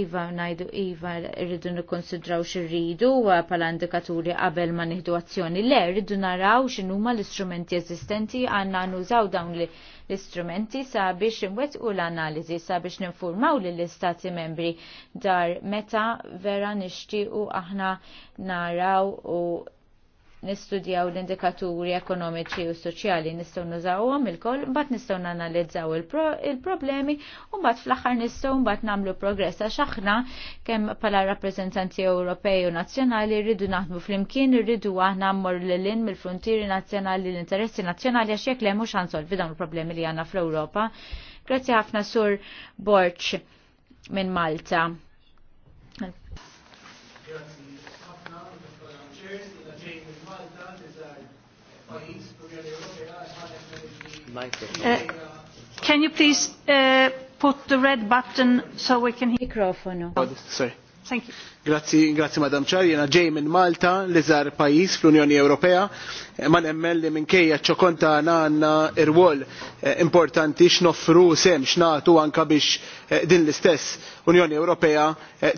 C: Iva najdu Iva rridu nikkonsidraw xirridu pala indikaturi qabel ma nihdu azzjoni. Le, rridu naraw x'inhuma l-istrumenti eżistenti għandna nużaw dawn li l-istrumenti sabiex imwettqu l-analiżi sabiex ninfurmaw lill-istati membri dar meta vera nixtiequ aħna naraw u nistudjaw l-indikaturi ekonomiċi u soċjali nistgħu nużawhom il-koll, mbagħad nistgħu nanalizzaw il-problemi u mbagħad fl-aħħar nistgħu mbagħad nagħmlu progress għax aħna kemm bħala rappreżentanti Ewropej u nazzjonali rridu naħdmu flimkien irridu aħna mmor lilin mill-frontieri nazzjonali l-interessi nazzjonali għax jekk lemmu mhux ħansolvi dawn il-problemi li għandna fl-Ewropa. Grazzi ħafna sur Borċ minn Malta.
D: Uh,
A: can you please uh, put the red button so we can hear? microphone Oh, sorry. Thank you.
D: Grazie, grazie Madam Chair, jena ġej minn Malta li żar pajjiż fl-Unjoni Ewropea, eh, ma nemmen li minkejja ċokonta għandna irwol eh, importanti x'noffru sem x'natu anke biex eh, din l-istess Unjoni Ewropea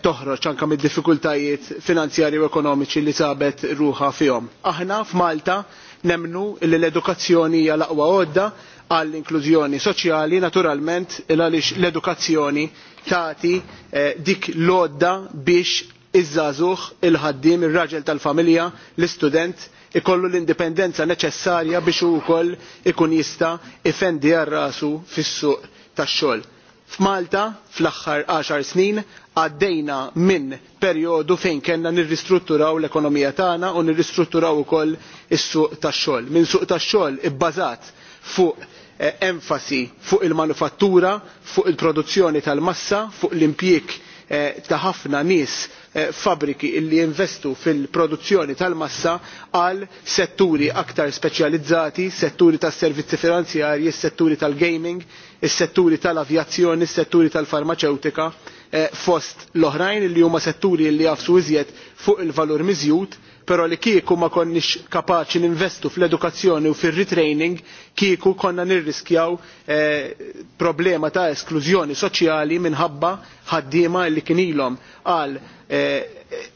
D: toħroġ anke mid-diffikultajiet finanzjarji u ekonomiċi li sabet ruħa fihom. Aħna f'Malta Nemnu li l-edukazzjoni hija l-aqwa għodda għall-inklużjoni soċjali naturalment għaliex l-edukazzjoni tagħti eh, dik l-għodda biex iż-żagħżugħ il-ħaddiem ir-raġel tal-familja l-istudent ikollu l-indipendenza neċessarja biex hu wkoll ikun jista' ifendi għar rasu fis-suq tax-xogħol. F'Malta fl-aħħar 10 snin għaddejna minn perjodu fejn kellna nirristrutturaw l-ekonomija tagħna u nirristrutturaw ukoll is-suq tax-xogħol minn suq tax-xogħol ibbażat fuq eh, enfasi fuq il-manufattura fuq il-produzzjoni tal-massa fuq l-impjieg eh, ta' ħafna nies eh, fabbriki li jinvestu fil-produzzjoni tal-massa għal setturi aktar speċjalizzati, setturi tas servizzi finanzjarji, setturi tal-gaming, is-setturi tal-avjazzjoni, is-setturi tal-farmaceutika, Eh, fost l-oħrajn li huma setturi li jafsu iżjed fuq il-valur miżjud, però li kieku ma konniex kapaċi ninvestu fl-edukazzjoni u fir-retraining kieku konna nirriskjaw eh, problema ta' esklużjoni soċjali minħabba ħaddiema li kien ilhom għal eh,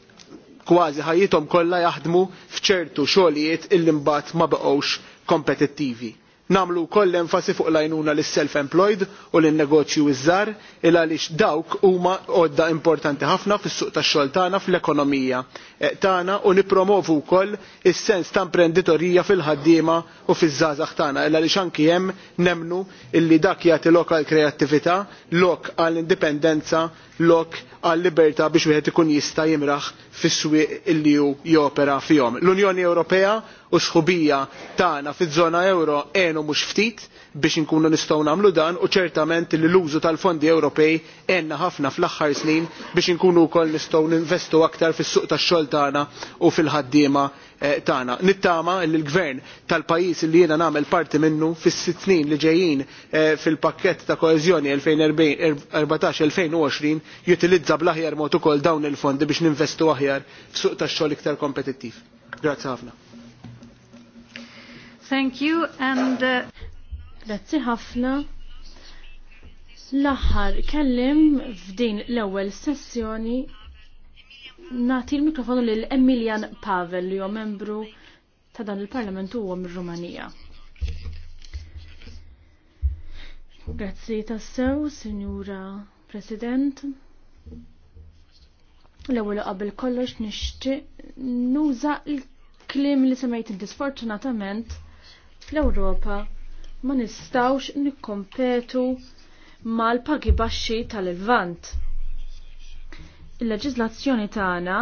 D: kważi ħajjithom kollha jaħdmu f'ċertu xogħlijiet illi mbagħad ma beqgħux kompetittivi Namlu wkoll enfasi fuq l-għajnuna lis self employed u l-negoċju iż-żar il għaliex dawk huma għodda importanti ħafna fis-suq tax-xogħol tagħna fl-ekonomija eh, tagħna u nippromovu wkoll is-sens ta' imprenditorija fil-ħaddiema u fiż-żgħażagħ tagħna il għaliex anki hemm nemnu illi dak jagħti lok għall kreattività, lok għall indipendenza lok għal libertà biex wieħed ikun jista' jimraħ fis-swieq illi hu jopera fihom. L-Unjoni Ewropea u sħubija tagħna fiż-żona euro għenu mhux ftit biex inkunu nistgħu nagħmlu dan u ċertament li l-użu tal-fondi Ewropej għenna ħafna fl-aħħar snin biex inkunu wkoll nistgħu ninvestu aktar fis-suq tax-xogħol tagħna u fil-ħaddiema Eh, tana. Nittama li l-gvern tal-pajjiż li jiena nagħmel parti minnu fis-sitt snin li ġejjin eh, fil-pakkett ta' koeżjoni 2014-2020 jutilizza bl-aħjar mod ukoll dawn il-fondi biex ninvestu aħjar f'suq tax-xogħol iktar kompetittiv. Grazzi ħafna.
A: Thank you and uh, Grazzi ħafna. L-aħħar kellim f'din l-ewwel sessjoni Nati l-mikrofonu lil Emilian Pavel li membru ta' dan il-Parlament għom il rumanija Grazzi tassew, signora President. L-ewwel qabel kollox nixtieq nuża l-kliem li semajt disfortunatament fl-Ewropa ma nistawx nikkompetu mal-pagi baxxi tal-Levant il-leġizlazzjoni tagħna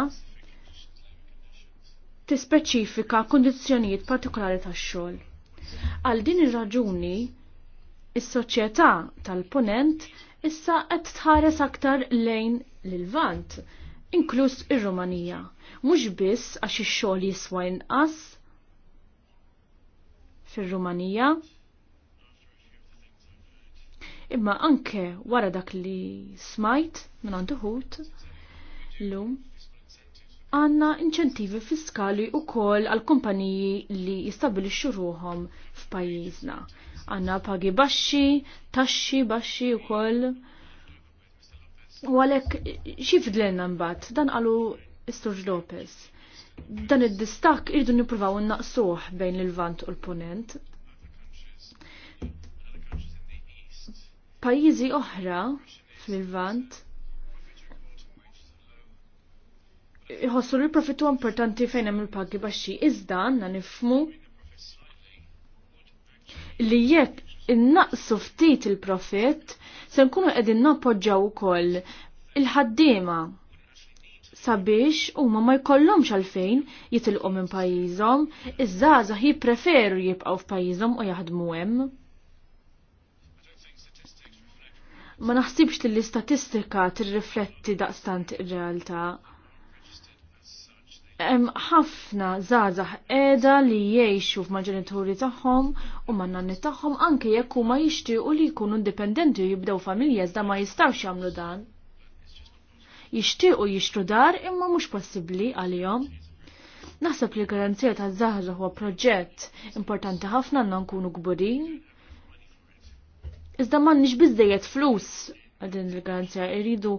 A: tispeċifika kondizzjonijiet partikolari tax-xogħol. Għal din ir-raġuni is-soċjetà tal-ponent issa qed tħares aktar lejn l-Vant, inkluż ir-Rumanija, mhux biss għax ix-xogħol jiswa inqas fir-Rumanija, imma anke wara dak li smajt minn għandu ħut l-lum għanna inċentivi fiskali u kol għal kumpaniji li jistabili ruħom f'pajjiżna. Għanna pagi baxxi, taxxi baxxi u kol. U għalek xifdlenna mbat, dan għalu Istorġ Lopez. Dan id-distak irridu nippruvaw naqsuh bejn l vant u l-ponent. Pajjiżi oħra fil-vant Iħossu li l-profittu importanti fejn hemm il-pagi baxxi, iżda għandna nifmu li jekk innaqsu ftit il-profitt se nkunu qegħdin nappoġġaw ukoll il-ħaddiema sabiex huma ma jkollhomx għalfejn jitilqu minn pajjiżhom, iż-żgħażagħ jippreferu jibqgħu f'pajjiżhom u jaħdmu hemm. Ma naħsibx li l-istatistika tirrifletti daqstant ir-realtà ħafna zazah edha li jiexu f'maġenituri tagħhom u man-nanni tagħhom anke jekk huma jixtiequ li jkunu indipendenti u jibdew familja iżda ma jistgħux jagħmlu dan. Jixtiequ jixtru dar imma mhux possibbli għalihom. Naħseb li garanzija taż-żaħra huwa proġett importanti ħafna għandna nkunu gburin. Iżda m'għandniex biżejjed flus għal din il-garanzija, irridu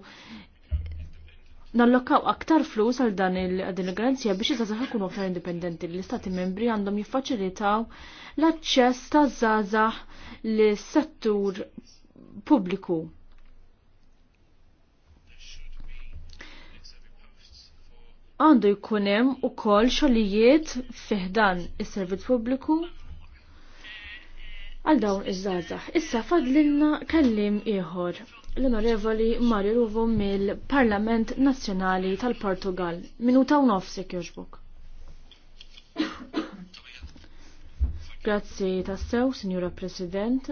A: nallokaw aktar flus għal dan il-garanzija biex iż ikun ikunu aktar indipendenti. L-istati membri għandhom jiffaċilitaw l-aċċess ta' żazax l-settur pubbliku. Għandu jkun hemm ukoll xogħlijiet fiħdan is-servizz pubbliku għal dawn iż żazax Issa fadlilna kellim ieħor l-Onorevoli Mario Ruvo mill-Parlament Nazzjonali tal-Portugal. Minuta u nof sekjoġbuk. Grazzi tassew, Signora President.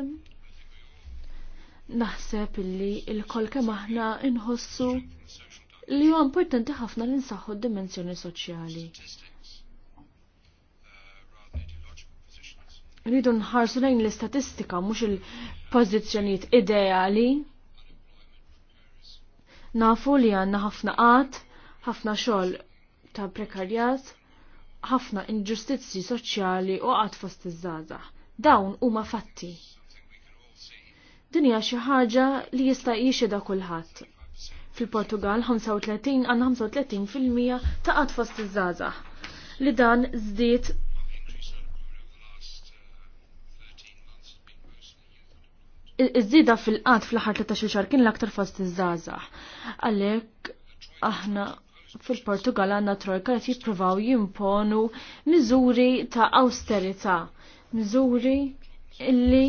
A: Naħseb illi il-kol kemm aħna inħossu li huwa importanti ħafna li nsaħħu d-dimensjoni soċjali. Rridu nħarsu lejn l-istatistika mhux il-pożizzjonijiet ideali Nafu li għanna ħafna qat, ħafna xogħol ta' prekarjat, ħafna inġustizzi soċjali u qat fost iż żaza Dawn huma fatti. Din hija xi ħaġa li jista' da' kulħadd. Fil-Portugal 35 għandna 35% ta' qatt fost iż żaza li dan żdied iż-żida fil-qat fl-aħħar 13 xar kien l-aktar fost iż-żgħażagħ. Għalhekk aħna fil-Portugal għandna trojka qed jippruvaw jimponu miżuri ta' austerità, miżuri illi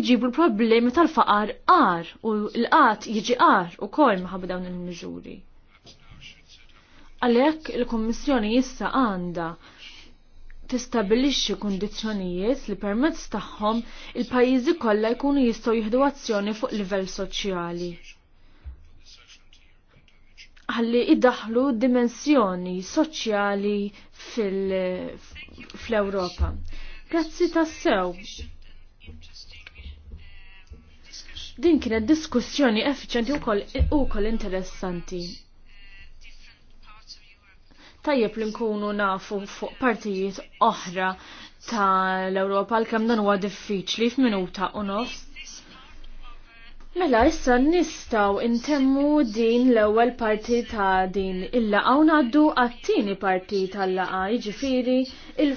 A: iġibu l-problemi tal-faqar qar u l-qat jiġi qar u kol dawn il-miżuri. Għalhekk il-Kummissjoni issa għandha tistabilixxi kundizzjonijiet li permezz tagħhom il-pajjiżi kollha jkunu jistgħu jieħdu azzjoni fuq livell soċjali. Ħalli idaħlu dimensjoni soċjali fl-Ewropa. Grazzi tassew. Din kienet diskussjoni effiċenti u kol interessanti tajjeb li nkunu nafu fuq partijiet oħra tal-Ewropa l kemm dan huwa diffiċli f'minuta u nofs. Mela issa nistaw intemmu din l-ewwel parti ta' din il laqgħa u ngħaddu għat-tieni parti tal-laqa, jiġifieri il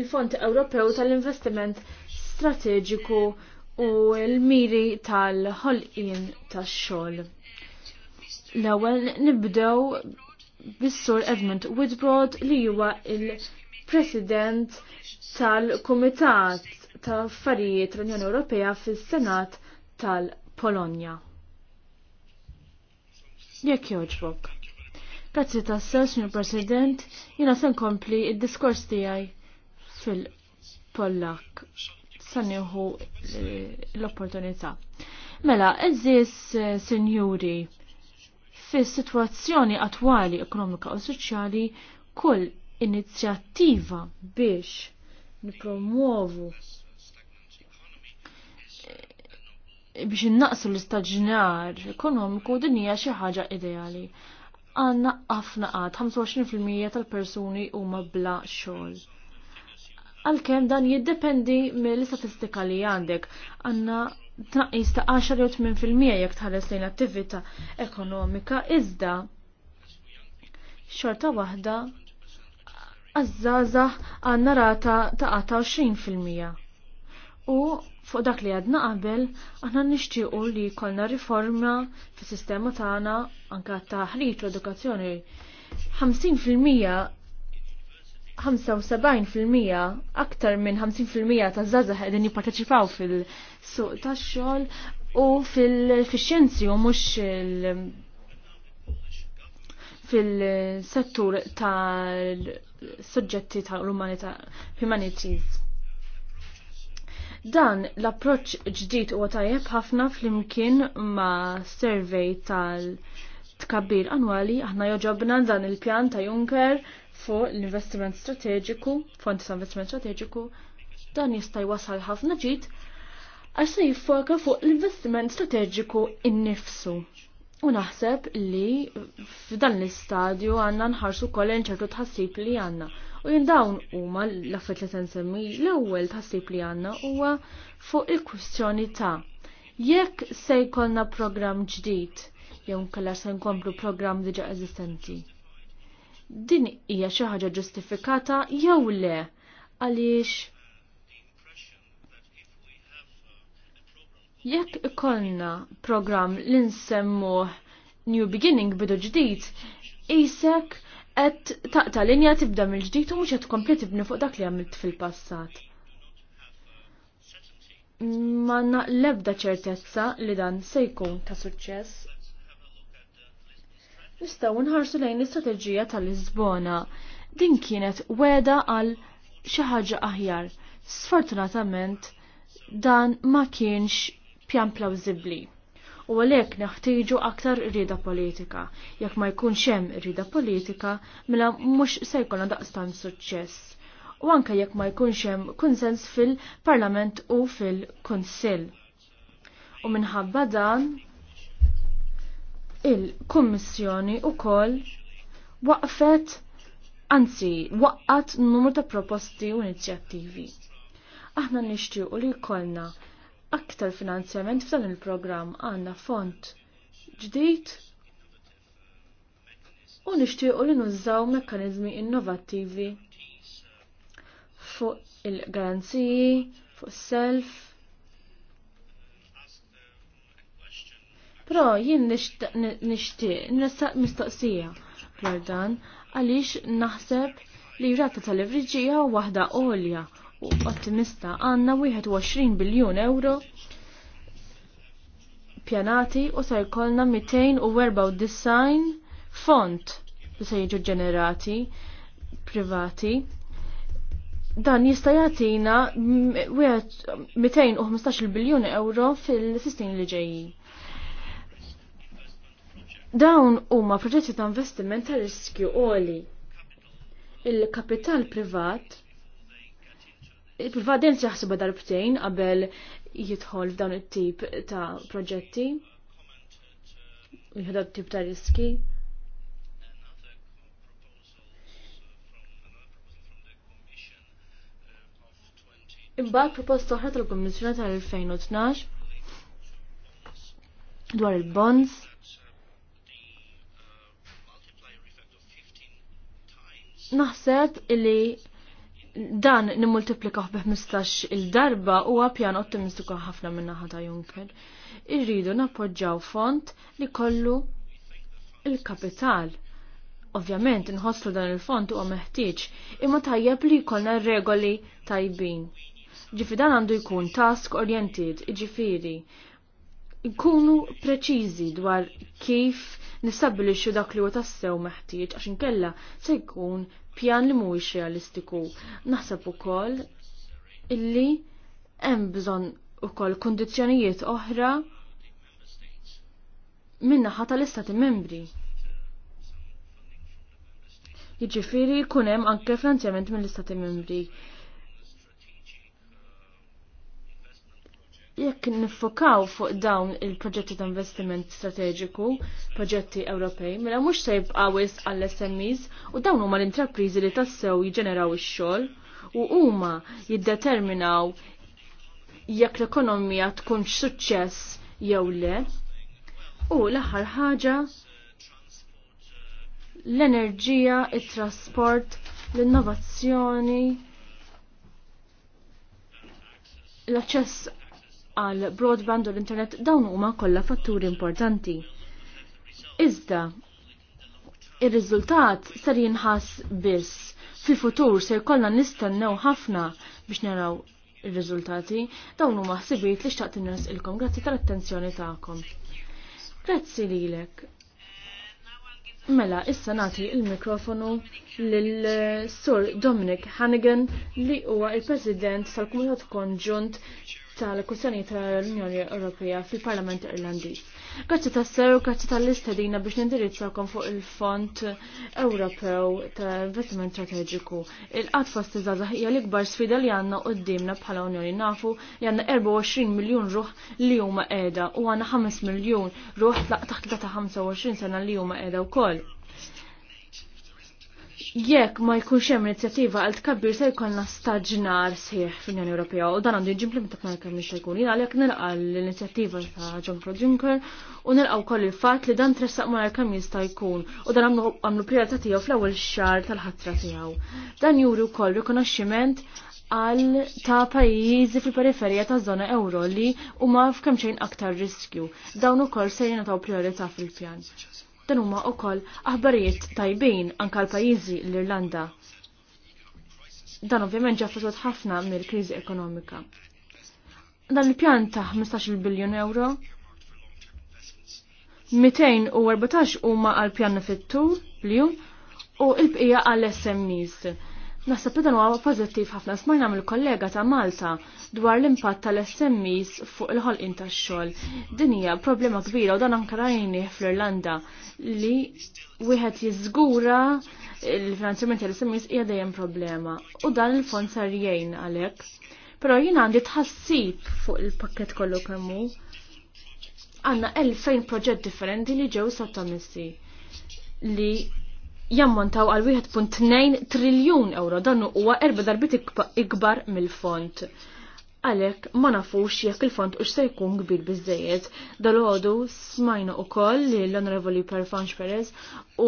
A: il-Fond Ewropew tal-Investiment Strateġiku u l-miri tal-ħolqien tax-xogħol. L-ewwel nibdew bis-Sur Edmund Woodbrod li huwa il-President tal-Kumitat ta' Affarijiet l-Unjoni Ewropea fis-Senat tal-Polonja. Jekk joġbok. Grazzi sew, Sr. President, jina sen kompli id-diskors tiegħi fil-Pollak. Sanniħu l-opportunità. Mela, eżis, eh, Sinjuri, Fis-sitwazzjoni attwali ekonomika u soċjali kull inizjattiva biex nipromuovu eh, biex innaqsu l-istaġnar ekonomiku din hija xi ħaġa ideali. Għanna ħafna qatt 25% tal-persuni huma bla xogħol. Għalkemm dan jiddependi mill-istatistika li għandek. Għanna tnaqqis ta' 10-80% jekk tħares lejn attività ekonomika iżda xorta waħda għazzaza għanna rata ta' 20%. U fuq dak li għadna qabel, aħna nixtiequ li kolna riforma fis sistema tagħna anka taħriġ u edukazzjoni. 50% 75% aktar minn 50% ta' zazah għedin jipparteċipaw fil- suq tax-xogħol u fil efficienzi u mhux fil-settur tal-soġġetti tal-humanities. Dan l-approċ ġdid u tajjeb ħafna flimkien ma' survey tal-tkabbir annwali aħna joġobna dan il-pjan ta' Juncker fuq l-investiment strateġiku, fond ta' investiment strateġiku, dan jista' jwasal ħafna ġid għax se jiffoka fuq l-investiment strateġiku innifsu. U naħseb li f'dan l-istadju għanna nħarsu kol ċertu tħassib li għanna. U jindawn huma l-affet li sensemmi l-ewwel tħassib li għanna huwa fuq il kustjoni ta' jekk se jkollna programm ġdid jew kalla se nkomplu programm diġà eżistenti. Din hija xi ħaġa ġustifikata jew le għaliex Jekk ikollna program li nsemmuh New Beginning bidu ġdid, isek qed taqta linja tibda mill-ġdid u mhux qed tkompli tibni fuq dak li għamilt fil-passat. Ma naqlebda ċertezza li dan se jkun ta' suċċess. Nistgħu nħarsu lejn l-istrateġija tal-Lisbona. Din kienet weda għal xi ħaġa aħjar. Sfortunatament dan ma kienx pjan plawzibli. U għalhekk neħtieġu aktar rida politika. Jekk ma jkunx hemm rida politika, mela mhux se jkollna daqstan suċċess. U anke jekk ma jkunx hemm konsens fil-Parlament u fil-Kunsill. U minħabba dan il-Kummissjoni wkoll waqfet anzi waqqat numru ta' proposti u inizjattivi. Aħna nixtiequ li jkollna aktar finanzjament f'dan il-programm għandna font ġdid u nixtiequ li nużaw mekkaniżmi innovattivi fuq il-garanziji, fuq self. Pro jien nixtieq nistaq mistoqsija dwar dan għaliex naħseb li rata tal-evriġija waħda għolja u ottimista għanna 21 biljun euro pjanati u se jkollna 294 font li se jiġu ġenerati privati. Dan jista' jagħtina 215 biljun euro fil-sistin li ġejjin. Dawn huma proġetti ta' investiment ta' riskju qoli. Il-kapital privat il-Providenza jaħseb darbtejn qabel jidħol f'dawn it-tip ta' proġetti jħadab tip ta' riski. Imbagħad proposta oħra tal-Kummissjoni tal-2012 dwar il-bonds. Naħseb illi dan nimultiplikaw bi 15 il-darba huwa pjan ottimistiku ħafna min-naħa ta' Juncker. Irridu nappoġġaw font li kollu il-kapital. Ovvjament inħosslu dan il-font huwa meħtieġ, imma tajjeb li jkollna regoli tajbin. Ġifi dan għandu jkun task oriented, ġifiri. Ikunu preċiżi dwar kif xo dak li huwa tassew meħtieġ għax inkella se jkun pjan li mhuwiex realistiku. Naħseb ukoll illi hemm bżonn ukoll kundizzjonijiet oħra min-naħa tal-istati membri. Jiġifieri jkun hemm anke finanzjament mill-istati membri jekk nifokaw fuq dawn il-proġetti ta' investiment strateġiku, proġetti Ewropej, mela mhux se jibqawis għall smis u dawn huma l-intrapriżi li tassew jiġeneraw ix-xogħol u huma jiddeterminaw jekk l-ekonomija tkun suċċess jew le. U l-aħħar ħaġa l-enerġija, it-trasport, l-innovazzjoni, l-aċċess għal broadband u l-internet dawn huma kollha fatturi importanti. Iżda ir-riżultat ser jinħass biss. Fil-futur se jkollna nistennew ħafna biex naraw ir-riżultati dawn huma ħsibiet li xtaqt ilkom. Grazzi tal-attenzjoni tagħkom. Grazzi lilek. Mela, issa nagħti il-mikrofonu lil Sur Dominic Hannigan li huwa il-President tal-Kumitat Konġunt tal-kussjoni tal-Unjoni Ewropea fil-Parlament Irlandiż. Grazzi ta' sew grazzi tal-istedina biex nindirizzawkom fuq il-Fond Ewropew ta' Investiment Strateġiku. il qat fost hija l-ikbar sfida li għandna qudiemna bħala Unjoni nafu li għandna 24 miljun ruħ li huma qiegħda u għandna 5 miljun ruħ taħt ta' 25 sena li huma qiegħda wkoll jekk ma jkunx hemm inizjattiva għal tkabbir se jkollna staġnar sħiħ fl-Unjoni Ewropea u dan għandu jiġi implementat ma se jkun jien għalhekk nilqa' l-inizjattiva ta' John Claude Juncker u nilqa' wkoll il-fatt li dan tressaq ma kemm jista' jkun u dan għamlu priorità tiegħu fl-ewwel xahar tal-ħatra tiegħu. Dan juri wkoll rikonoxximent għal ta' pajjiżi fil-periferija ta' zona euro li huma f'kemm xejn aktar riskju. Dawn ukoll se jingħataw priorità fil-pjan. Dan huma wkoll aħbarijiet tajbin anke l-pajjiżi l-Irlanda. Dan ovvjament ġa fetwet ħafna mill-kriżi ekonomika. Dan il-pjan ta' 15 biljun euro 214 huma għal pjan fit-tul li u l-bqija għal SMEs Nasab dan huwa pożittiv ħafna smajna mill-kollega ta' Malta dwar l-impatt tal-SMEs fuq il-ħolqin tax-xogħol. Din hija problema kbira u dan anke rajni fl-Irlanda li wieħed jiżgura l finanzjament tal-SMEs hija dejjem problema u dan il-fond sar jgħin għalhekk. Però jien għandi tħassib fuq il-pakket kollu kemm hu. Għandna elfejn proġett differenti li ġew sottomessi li jammontaw għal 1.2 triljun euro dan huwa erba darbit ikbar mill-font. Għalek ma nafux jekk il-font ux se jkun kbir biżejjed. Dal-għodu smajna u koll li l-Onorevoli Perfanx Perez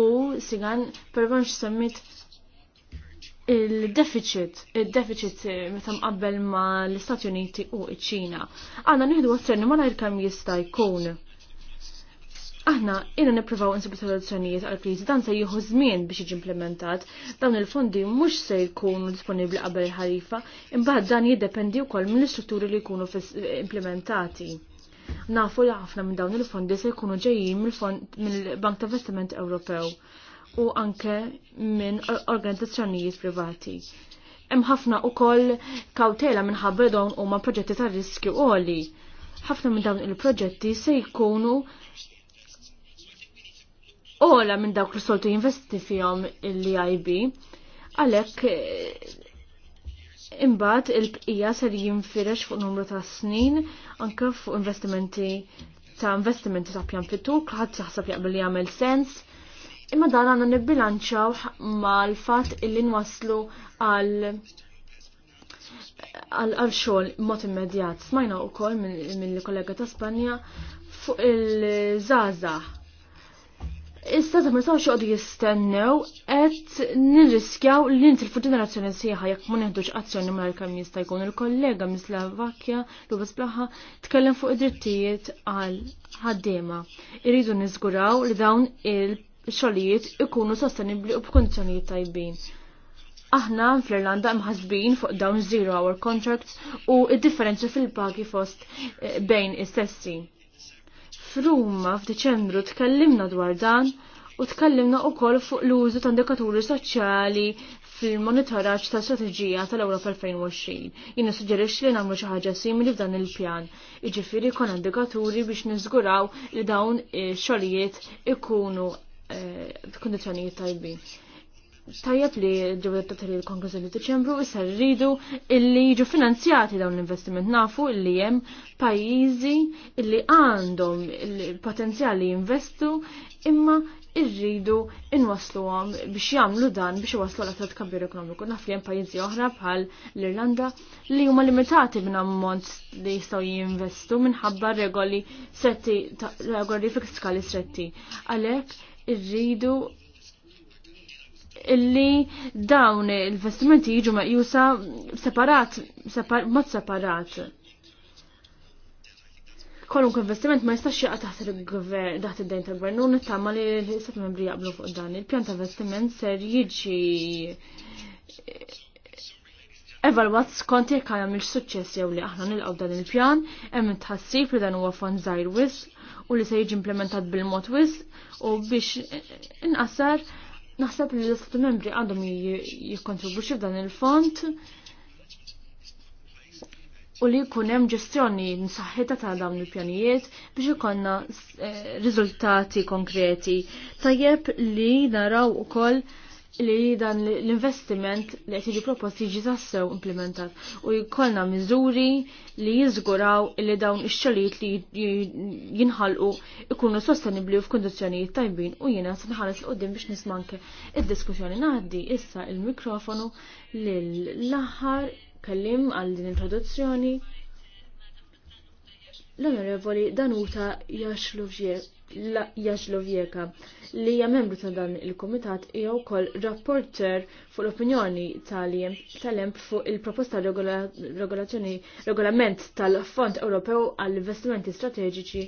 A: u sigan Perfanx semmit il-deficit, il-deficit eh, meta mqabbel ma l-Istati Uniti u ċ-Ċina. Għanna nieħdu għastrenni ma najr kam jista' jkun Aħna jena nippruvaw nsibu soluzzjonijiet għal kriżi dan se jieħu żmien biex jiġi implementat. Dawn il-fondi mhux se jkunu disponibbli qabel il-ħarifa, imbagħad dan jiddependi wkoll mill-istrutturi li jkunu implementati. Nafu li ħafna minn dawn il-fondi se jkunu ġejjin mill-Bank ta' Investiment Ewropew u anke minn organizzazzjonijiet privati hemm ħafna ukoll kawtela minħabba dawn huma proġetti ta' riskju għoli. Ħafna minn dawn il-proġetti se jkunu ola minn dawk li soltu jinvesti fihom l-IB, għalhekk imbagħad il-bqija ser jinfirex fuq numru ta' snin anke fuq investimenti ta' investimenti ta' pjan fituk, ħadd jaħseb jaqbel li jagħmel sens. Imma dan għandna nibbilanċaw mal-fatt illi nwaslu għal għal xogħol mod immedjat. Smajna wkoll l kollega ta' Spanja fuq il-żgħażagħ Issa ta' mersaw xoqdu jistennew qed nirriskjaw li nitilfu ġenerazzjoni sieħa jekk ma neħdux azzjoni mal kemm jista' jkun il-kollega Mislavakja Lubas Blaħa tkellem fuq id-drittijiet għal ħaddiema. Irridu niżguraw li dawn il-xogħlijiet ikunu sostenibbli u b'kundizzjonijiet tajbin. Aħna fl-Irlanda mħasbin fuq dawn zero hour contracts u id-differenza fil-pagi fost eh, bejn is F'Ruma f'Diċembru tkellimna dwar dan u tkellimna wkoll fuq l-użu ta' indikaturi soċjali fil-monitoraġġ ta' strateġija tal-Ewropa 2020. Jien suġġerixxi li nagħmlu xi ħaġa simili f'dan il-pjan. Jiġifieri jkun indikaturi biex niżguraw li dawn xogħlijiet ikunu f'kundizzjonijiet eh, tajbin tajjeb li ġew tal il kongressi Deċembru issa rridu illi ġu finanzjati dawn l-investiment nafu illi hemm pajjiżi illi għandhom il potenzjali jinvestu imma irridu għom biex jagħmlu dan biex iwaslu l għatat tkabbir ekonomiku. Naf li hemm pajjiżi oħra bħal l-Irlanda li huma limitati minn ammont li jistgħu jinvestu minħabba regoli setti regoli fiskali stretti. Għalhekk irridu illi dawn il-vestimenti jiġu meqjusa separat, separ, mod separat. Kolunk investiment ma jistax jaqa taħt il-gvern, taħt id-dejn tal-gvern, u nittama li l-istat membri jaqblu fuq dan. Il-pjan ta' investiment ser jiġi evalwat skont jekk għamil suċċess jew li aħna nilqgħu dan il-pjan, hemm tħassib li dan huwa fond żgħir wis u li se jiġi implementat bil-mod wis u biex inqasar Naħseb li l-istati membri għandhom jikkontribuċi f'dan il-fond u li jkun hemm ġestjoni nsaħħita ta' dawn il-pjanijiet biex ikonna eh, riżultati konkreti. Tajjeb li naraw ukoll koll li dan l-investiment li qed jiġi propost jiġi tassew implementat u jkollna miżuri li jiżguraw li dawn ix-xogħlijiet li jinħalqu ikunu sostenibbli f'kundizzjonijiet tajbin u jiena se nħares qudiem biex nismanke id-diskussjoni ngħaddi issa il-mikrofonu lill-aħħar kellim għal din introduzzjoni l-Onorevoli Danuta Jaxluvjev Jaxlovjeka li hija membru ta' dan il-Kumitat hija wkoll rapporter fuq l-opinjoni tal-emp fuq il-proposta regolazzjoni regolament tal-Fond Ewropew għall-Investimenti Strateġiċi.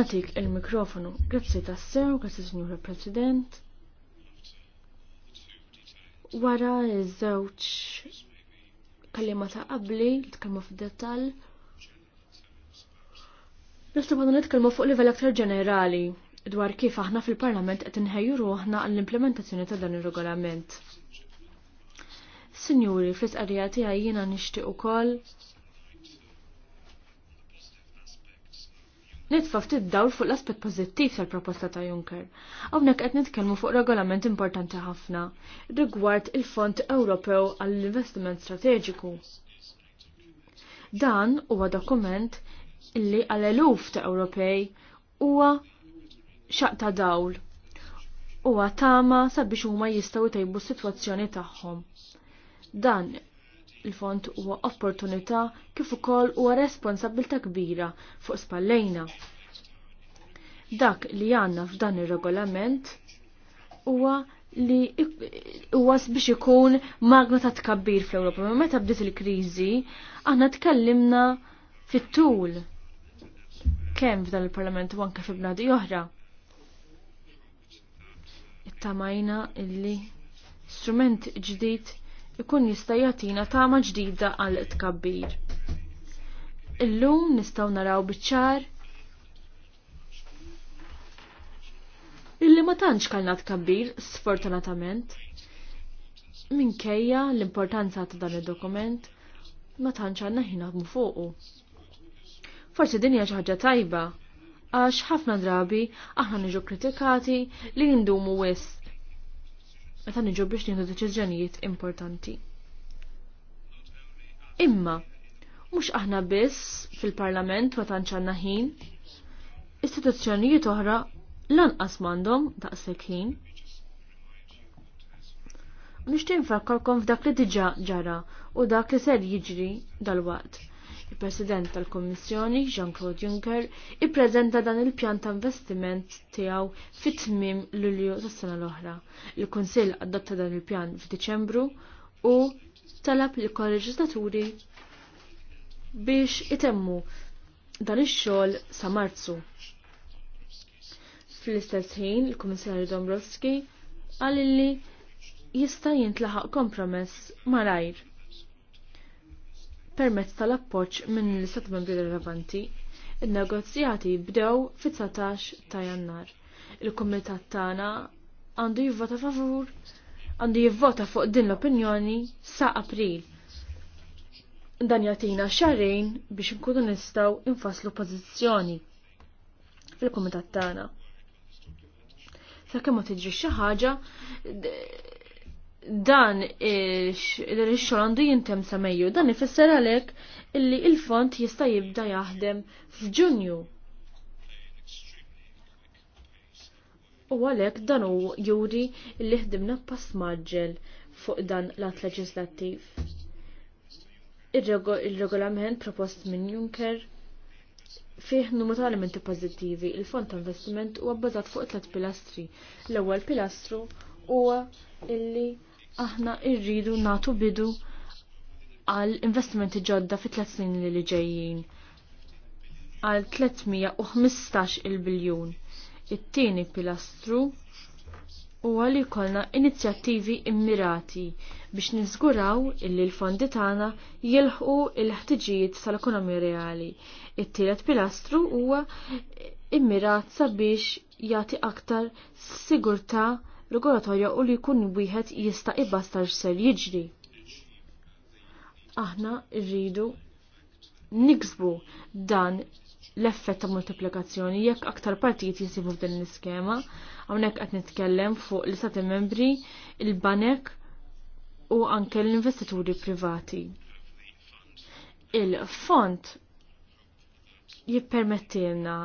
A: Natik il-mikrofonu. Grazzi tassew, grazzi Signora President. Wara iż-żewġ kalima ta' qabli, tkellmu fid Nistgħu għadu nitkellmu fuq livell aktar ġenerali dwar kif aħna fil-Parlament qed inħejju ruħna għall-implementazzjoni ta' dan ir-regolament. Sinjuri, fl-isqarrija tiegħi jiena nixtieq ukoll nitfa' ftit dawl fuq l-aspett pożittiv tal-proposta ta' Juncker. Hawnhekk qed nitkellmu fuq regolament importanti ħafna rigward il-Fond Ewropew għall-Investiment Strateġiku. Dan huwa dokument illi għal eluf ta' Ewropej huwa xaq ta' dawl. Huwa tama sabiex huma jistgħu jtejbu s-sitwazzjoni tagħhom. Dan il-font huwa opportunità kif ukoll huwa responsabilta kbira fuq spallejna. Dak li għandna f'dan ir-regolament huwa li huwa biex ikun magna ta' tkabbir fl-Ewropa. Meta bdiet il-kriżi aħna tkellimna fit-tul kemm f'dan il-Parlament u anke fil bnadi oħra. Ittamajna illi strument ġdid ikun jista' jagħtina tama ġdida għal tkabbir. Illum nistgħu naraw biċ-ċar illi ma tantx kalna tkabbir sfortunatament. Minkejja l-importanza ta' dan id-dokument ma tantx għandna ħin fuqu. Forsi din hija xi ħaġa tajba għax ħafna drabi aħna niġu kritikati li jindumu wis. Meta niġu biex nieħdu deċiżjonijiet importanti. Imma, mhux aħna biss fil-Parlament wa tanċanna ħin, istituzzjonijiet oħra lanqas m'għandhom daqshekk ħin. Nixtieq nfakkarkom f'dak li diġà ġara u dak li ser jiġri dal-waqt il-President tal-Kommissjoni, Jean-Claude Juncker, ippreżenta dan il-pjan ta' investiment tiegħu fit-tmim Lulju tas-sena l-oħra. Il-Kunsill adotta dan il-pjan f'Diċembru u talab li kol-leġislaturi biex itemmu dan ix-xogħol sa Marzu. Fl-istess ħin, il-Kummissarju Dombrovski għal li jista' jintlaħaq kompromess rajr permezz tal-appoġġ minn l-Istat Membri relevanti, Il-negozjati bdew fit-19 ta' Jannar. Il-Kumitat tagħna għandu jivvota favur, għandu jivvota fuq din l-opinjoni sa' April. Dan jagħtina xarrejn biex inkunu nistgħu infaslu pożizzjoni fil-kumitat tagħna. Sa kemm ma tiġri xi ħaġa, dan il xolandu għandu jintem samejju, dan ifisser għalek illi il-font jista' jibda jaħdem f'Ġunju. U għalek dan u juri illi ħdimna pass maġġel fuq dan l-att leġislattiv. Il-regolament propost minn Juncker fih numru ta' elementi pożittivi. Il-fond ta' investiment huwa bbażat fuq tliet pilastri. L-ewwel pilastru huwa illi aħna irridu natu bidu għal investimenti ġodda fit tlet snin li ġejjin għal 315 il-biljun. It-tieni pilastru u għal jkollna inizjattivi immirati biex niżguraw illi l-fondi tagħna jilħu l-ħtiġijiet tal-ekonomija reali. It-tielet pilastru huwa immirat sabiex jagħti aktar sigurtà l regolatorja u li jkun wieħed jista' ibastax ser jiġri. Aħna rridu niksbu dan l-effett ta' multiplikazzjoni jekk aktar partijiet jisibu f'din l-iskema, hawnhekk qed nitkellem fuq l-istati membri, il-banek u anke l-investituri privati. Il-font jippermettilna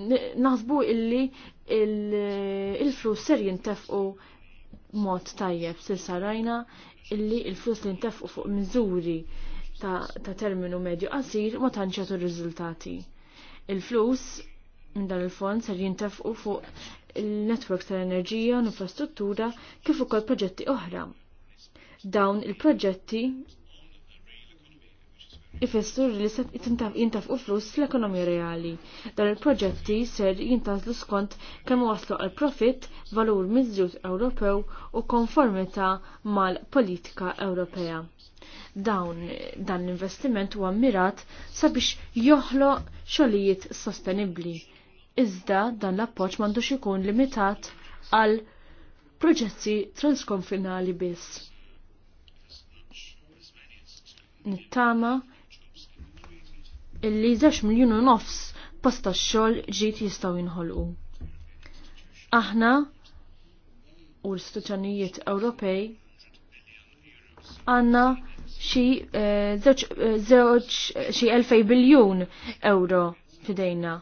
A: naħsbu illi il-flus ser jintefqu mod tajjeb sil sarajna illi il-flus li jintefqu fuq miżuri ta' terminu medju qasir ma tanċetu r-riżultati. Il-flus minn dan il-fond ser jintefqu fuq il-network tal-enerġija u infrastruttura kif ukoll proġetti oħra. Dawn il-proġetti ifessur li se jintaf u flus l-ekonomija reali. Dan il-proġetti ser jintazlu skont kemm waslu għal profit, valur miżjut Ewropew u konformità mal-politika Ewropea. Dawn dan l-investiment huwa mirat sabiex joħlo xogħlijiet sostenibbli. Iżda dan l-appoġġ m'għandux ikun limitat għal proġetti transkonfinali biss. Nittama illi 10 miljonu nofs posta xogħol ġiet jistgħu jinħolqu. Aħna u l-istituzzjonijiet Ewropej għandna xi eh, żewġ eh, elfej biljun euro fidejna.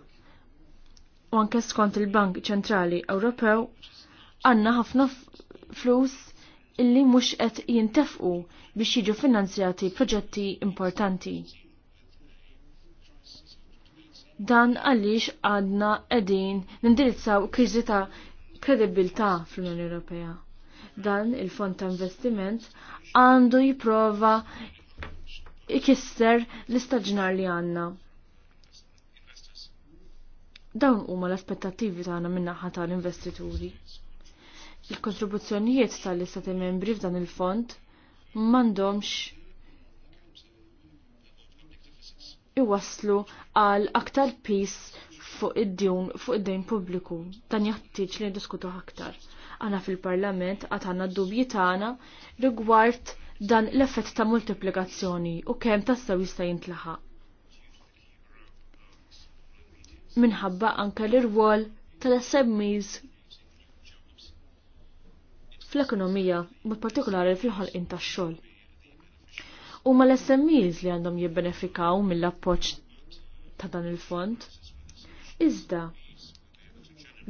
A: U anke skont il-Bank Ċentrali Ewropew għandna ħafna flus illi mhux qed jintefqu biex jiġu finanzjati proġetti importanti dan għaliex għadna qegħdin nindirizzaw kriżi ta' kredibilta' fl-Unjoni Ewropea. Dan il-fond ta' investiment għandu jipprova ikisser l-istaġnar li għanna. Dawn huma l-aspettattivi tagħna min-naħa tal-investituri. Il-kontribuzzjonijiet tal-istati membri f'dan il-fond m'għandhomx iwaslu għal aktar pis fuq id-djun fuq id-dejn pubbliku. Dan jaħtieġ li ndiskutu aktar. Għana fil-Parlament għad d dubji tagħna rigward dan l-effett ta' multiplikazzjoni u kemm tassew jista' jintlaħaq. Minħabba anke l-irwol tal-SMEs fl-ekonomija, mod partikolari fil-ħolqin tax-xogħol. U ma l-SMEs li għandhom jibbenefikaw mill-appoċ ta' dan il-fond. Iżda,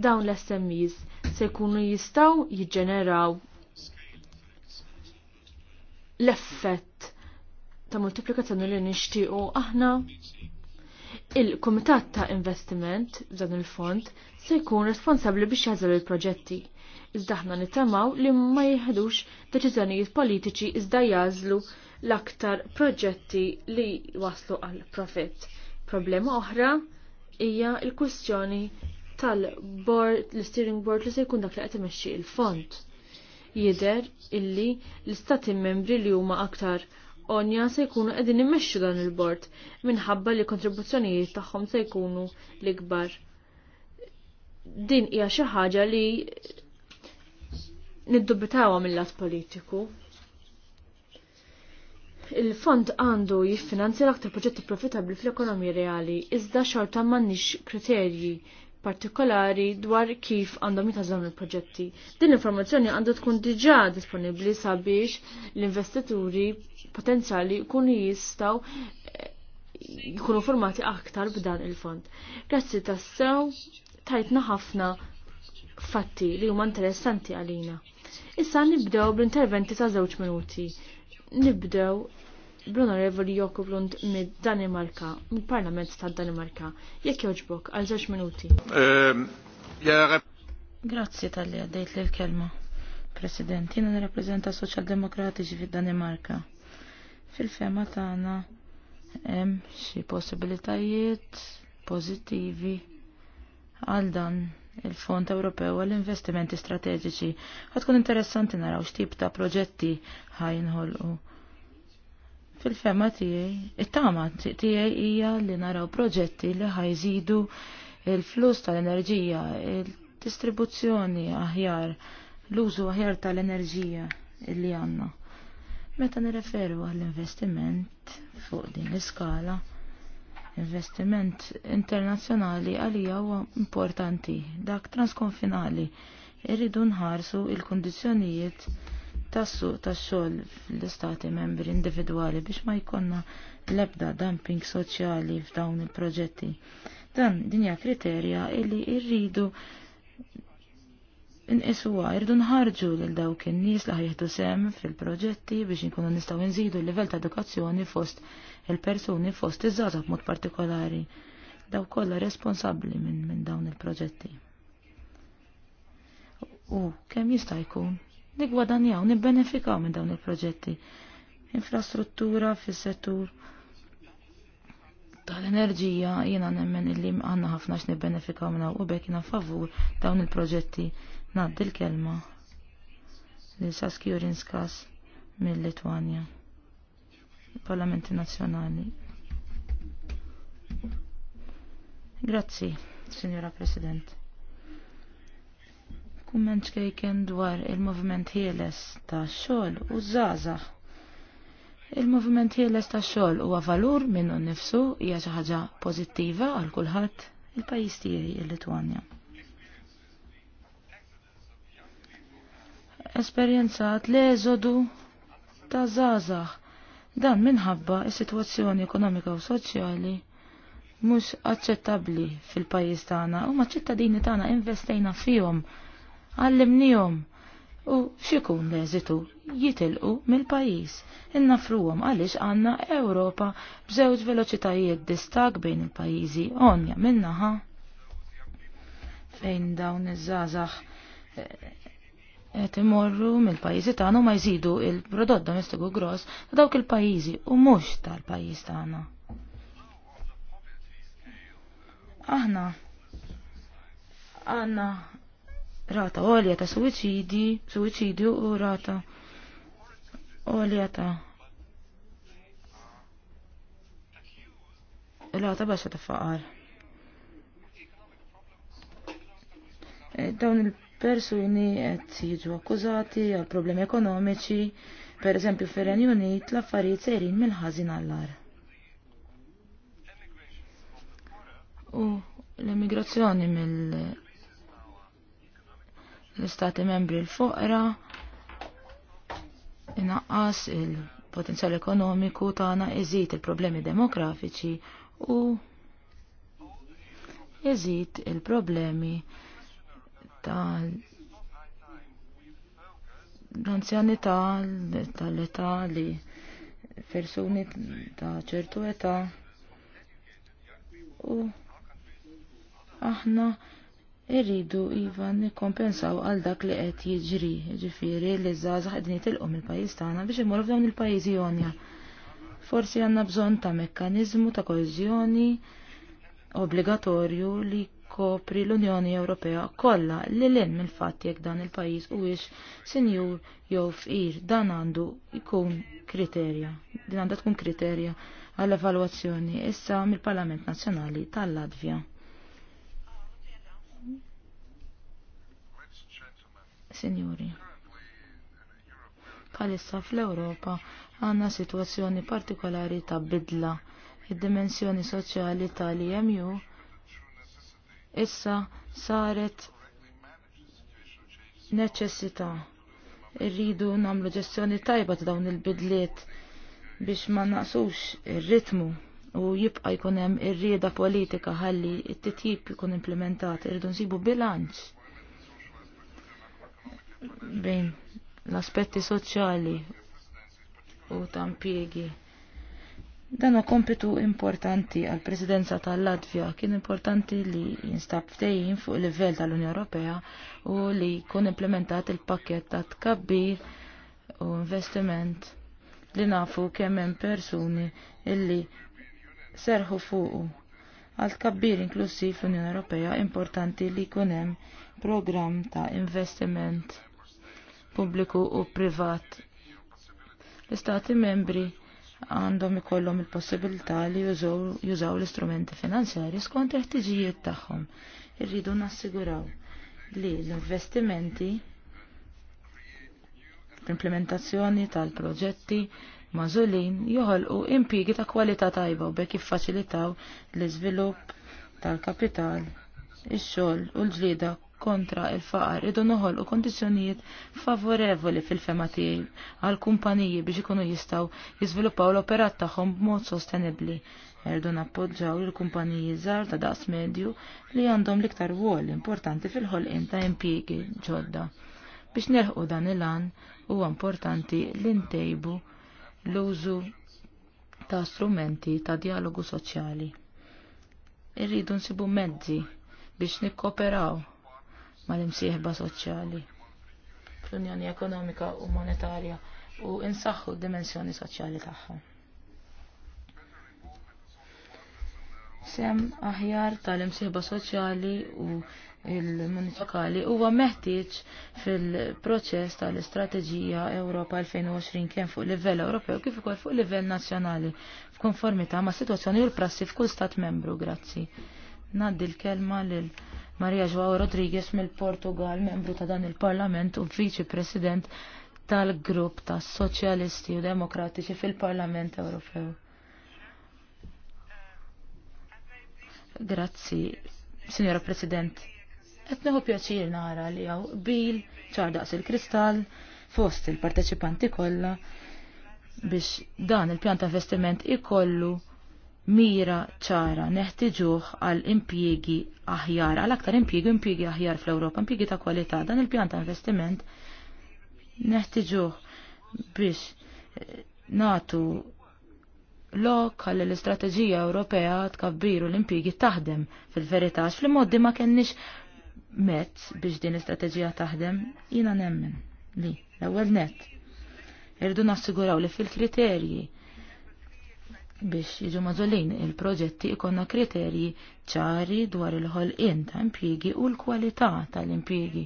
A: dawn l-SMEs se jkunu jistaw jiġġeneraw l-effett ta' multiplikazzjoni li nixtiequ aħna Il-Komitat ta' Investiment dan il-fond se jkun responsabli biex jażel il-proġetti. Iżda aħna nitamaw li ma jieħdux deċiżjonijiet politiċi iżda jażlu l-aktar proġetti li waslu għal profit. Problema oħra hija l-kwistjoni tal-board, l-steering board li se jkun dak li qed imexxi il-fond. Jider illi l-istati membri li huma aktar onja se jkunu qegħdin immexxu dan il-bord minħabba li kontribuzzjonijiet tagħhom se jkunu l-ikbar. Din hija xi ħaġa li niddubitawha mill-lat politiku. Il-fond għandu jiffinanzja l-aktar proġetti profitabli fl-ekonomija reali, iżda xorta m'għandniex kriterji partikolari dwar kif għandhom jitażlaw il-proġetti. Din l-informazzjoni għandu tkun diġà disponibbli sabiex l-investituri potenzjali jkunu jistgħu eh, jkunu formati aktar b'dan il-fond. Grazzi tassew tajtna ħafna fatti li huma interessanti għalina. Issa nibdew bl-interventi ta' żewġ minuti. Nibdew bl-Onorevoli Jokoblund mid-Danimarka, mid-Parlament tad-Danimarka. Jekk joġbok, għal zaċ minuti. Ehm, Grazzi tal-li għaddejt li l-kelma. President, jina nirrappreżenta
B: Soċjaldemokratiċi fid-Danimarka. Fil-fema tagħna hemm xi possibilitajiet pożittivi għal dan il-Fond Ewropew għall-Investimenti Strateġiċi. kun interessanti naraw x'tip ta' proġetti ħajnħolqu. Fil-fema tiegħi, it-tama tiegħi hija li naraw proġetti li ħajżidu il-flus tal-enerġija, il-distribuzzjoni aħjar, l-użu aħjar tal-enerġija li għandna. Meta nirreferu għall-investiment fuq din l-iskala, Investiment internazzjonali għalija huwa importanti, dak transkonfinali. Irridu nħarsu il-kondizjonijiet tas-suq tax-xogħol fl-istati membri individwali biex ma jkollna l-ebda dumping soċjali f'dawn il-proġetti. Dan dinja kriterja illi rridu il inqisuha irdu nħarġu lil dawk in-nies li ħajħdu sem fil-proġetti biex inkunu nistgħu nżidu l-livell ta' edukazzjoni fost il-persuni fost iż-żgħażagħ b'mod partikolari daw kollha responsabbli minn min dawn il-proġetti. U kemm jista' jkun nigwadanjaw, nibbenefikaw minn dawn il-proġetti infrastruttura fis settur tal-enerġija jiena nemmen illi għanna ħafna x'nibbenefikaw minn u bekk jiena favur dawn il-proġetti ngħaddi l-kelma li Saski Urinskas mill-Litwanja. Parlamenti Nazzjonali. Grazzi, Signora President. Kummenċ kejken dwar il-movement ħieles ta' xogħol u żgħażagħ Il-movement ħieles ta' xogħol huwa valur minnu nnifsu hija xi ħaġa pożittiva għal kulħadd il-pajjiż tiegħi il-Litwanja. Esperjenzat l-eżodu ta' żgħażagħ dan minħabba is-sitwazzjoni ekonomika u soċjali mhux aċċettabbli fil-pajjiż tagħna u ma' ċittadini tagħna investejna fihom, għallimnihom u xikun l-eżitu jitilqu mill-pajis. Innafruhom għaliex għanna Ewropa b'żewġ veloċitajiet distak bejn il-pajizi onja minnaħa fejn dawn iż-żazax eh, qed imorru mill-pajjiżi tagħna u ma jżidu il-prodott domestiku gross ta' dawk il-pajjiżi u mhux tal-pajjiż tagħna. Aħna għandna rata għolja ta' suicidi, suicidju u rata għolja ta' rata baxa ta' faqar. E, dawn il-persuni qed jiġu akkużati għal problemi ekonomiċi, per eżempju fir-Renju Unit l-affarijiet sejrin mill-ħażin għall-ar. U l-immigrazzjoni mill ħażin għall u l immigrazzjoni mill l-istati membri l-fuqra inaqqas il-potenzjal ekonomiku tagħna iżid il-problemi demografiċi u iżid il-problemi tal-anzjanità tal-età li persuni ta' ċertu età u aħna irridu iva nikkompensaw għal dak li qed jiġri, ġifieri li żgħażagħ qegħdin jitilqhom il-pajjiż tagħna biex imorru f'dawn il-pajjiżi jonja. Forsi għandna bżonn ta' mekkaniżmu ta' koeżjoni obbligatorju li kopri l-Unjoni Ewropea kollha li lin mill-fatt jekk dan il-pajjiż huwiex sinjur jew fqir dan għandu jkun kriterja. Din għandha tkun kriterja għall-evalwazzjoni issa mill-Parlament Nazzjonali tal-Latvja. Sinjuri, palissa fl-Ewropa għandna sitwazzjoni partikolari ta' bidla. Id-dimensjoni soċjali tal-EMU issa saret neċessità. Irridu nagħmlu ġestjoni tajba ta' dawn il-bidliet biex ma naqsux ir-ritmu u jibqa' jkun hemm ir-rieda politika ħalli t-titjib jkun implementat, irridu nsibu bilanċ bejn l-aspetti soċjali u tampiegi. Dan kompitu importanti għal presidenza tal-Latvja kien importanti li jinstab ftejjin fuq livell tal-Unja Ewropea u li kun implementat il-pakket ta' tkabbir u investiment li nafu kemm hemm persuni illi serħu fuqu. Għal tkabbir inklusiv l-Unjoni Ewropea importanti li jkun hemm programm ta' investiment pubbliku u privat. L-istati membri għandhom ikollhom il-possibilità li jużaw l-istrumenti finanzjarji skont il-ħtiġijiet tagħhom. Irridu nassiguraw li l-investimenti l-implementazzjoni tal-proġetti mażulin joħolqu impjiegi ta' kwalità tajba u bekk jiffaċilitaw l-iżvilupp tal-kapital, ix-xogħol u l-ġlieda kontra il-faqar idu noħol u kondizjonijiet favorevoli fil-fema tiegħi għal kumpaniji biex ikunu jistgħu jiżviluppaw l-operat tagħhom b'mod sostenibbli. Erdu nappoġġaw il-kumpaniji żgħar ta' daqs medju li għandhom l-iktar wol importanti fil-ħolqien ta' impjiegi ġodda. Biex nelħqu dan il-għan huwa importanti li ntejbu l-użu ta' strumenti ta' dialogu soċjali. Irridu nsibu mezzi biex nikkoperaw mal-imsieħba soċjali fl-Unjoni Ekonomika u Monetarja u insaħħu d-dimensjoni soċjali tagħha. Sem aħjar tal-imsieħba soċjali u il munifikali huwa meħtieġ fil-proċess tal-istrateġija Ewropa 2020 kemm fuq livell Ewropew kif ukoll fuq livell nazzjonali f'konformità ma' sitwazzjoni u l-prassi f'kull stat membru, grazzi. Naddi l-kelma lil Maria Joao Rodriguez mill-Portugal, membru ta' dan il-Parlament u Viċi President tal-grupp ta' Soċjalisti u Demokratiċi fil-Parlament Ewropew. Grazzi, Signora President. Qed neħu pjaċir nara li għaw bil ċardaqs il-kristall fost il-parteċipanti kollha biex dan il-pjan ta' investiment ikollu mira ċara neħtiġuh għal impjiegi aħjar, għal aktar impjiegi impjiegi aħjar fl europa impjiegi ta' kwalità, dan il-pjan ta' investiment neħtiġuh biex eh, natu lok għall l-istrateġija Ewropea tkabbiru l-impjiegi taħdem fil veritax fl-moddi ma kenniex mezz biex din l-istrateġija taħdem, jina nemmen li l-ewwel net. Irdu nassiguraw li fil-kriterji biex jiġu mażolin il-proġetti ikonna kriterji ċari dwar il-ħolqien ta' impjiegi u l-kwalità tal-impjiegi.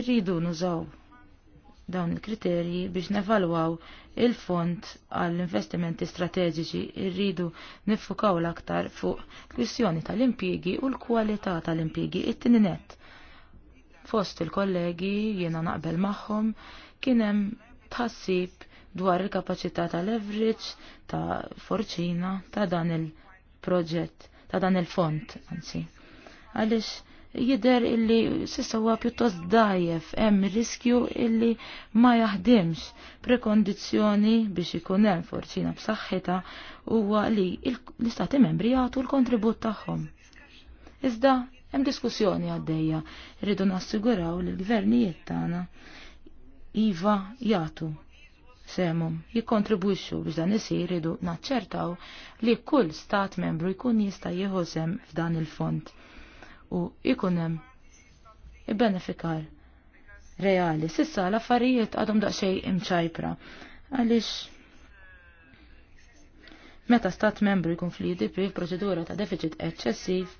B: Irridu nużaw dawn il-kriterji biex nevalwaw il-fond għall-investimenti strateġiċi irridu nifukaw l-aktar fuq kwistjoni tal-impjiegi u l-kwalità tal-impjiegi it-tininet. Fost il-kollegi jiena naqbel magħhom kien hemm tħassib dwar il-kapacità ta' leverage ta' forċina ta' dan il-proġett, ta' dan il-font, anzi. Għalix jider illi sissa huwa pjuttost dajjef hemm riskju illi ma jaħdimx prekondizzjoni biex ikun hemm forċina b'saħħitha huwa li l-istati membri jagħtu l-kontribut tagħhom. Iżda hemm diskussjoni għaddejja, rridu nassiguraw li l-gvernijiet tagħna iva jagħtu semum jikkontribwixxu biex dan isir idu naċċertaw li kull stat membru jkun jista' jieħu f'dan il-fond u jkun hemm ibbenefikar reali. Sissa l-affarijiet għadhom daqsxejn imċajpra għaliex Meta stat membru jkun fl-IDP f'proċedura ta' deficit eċċessiv,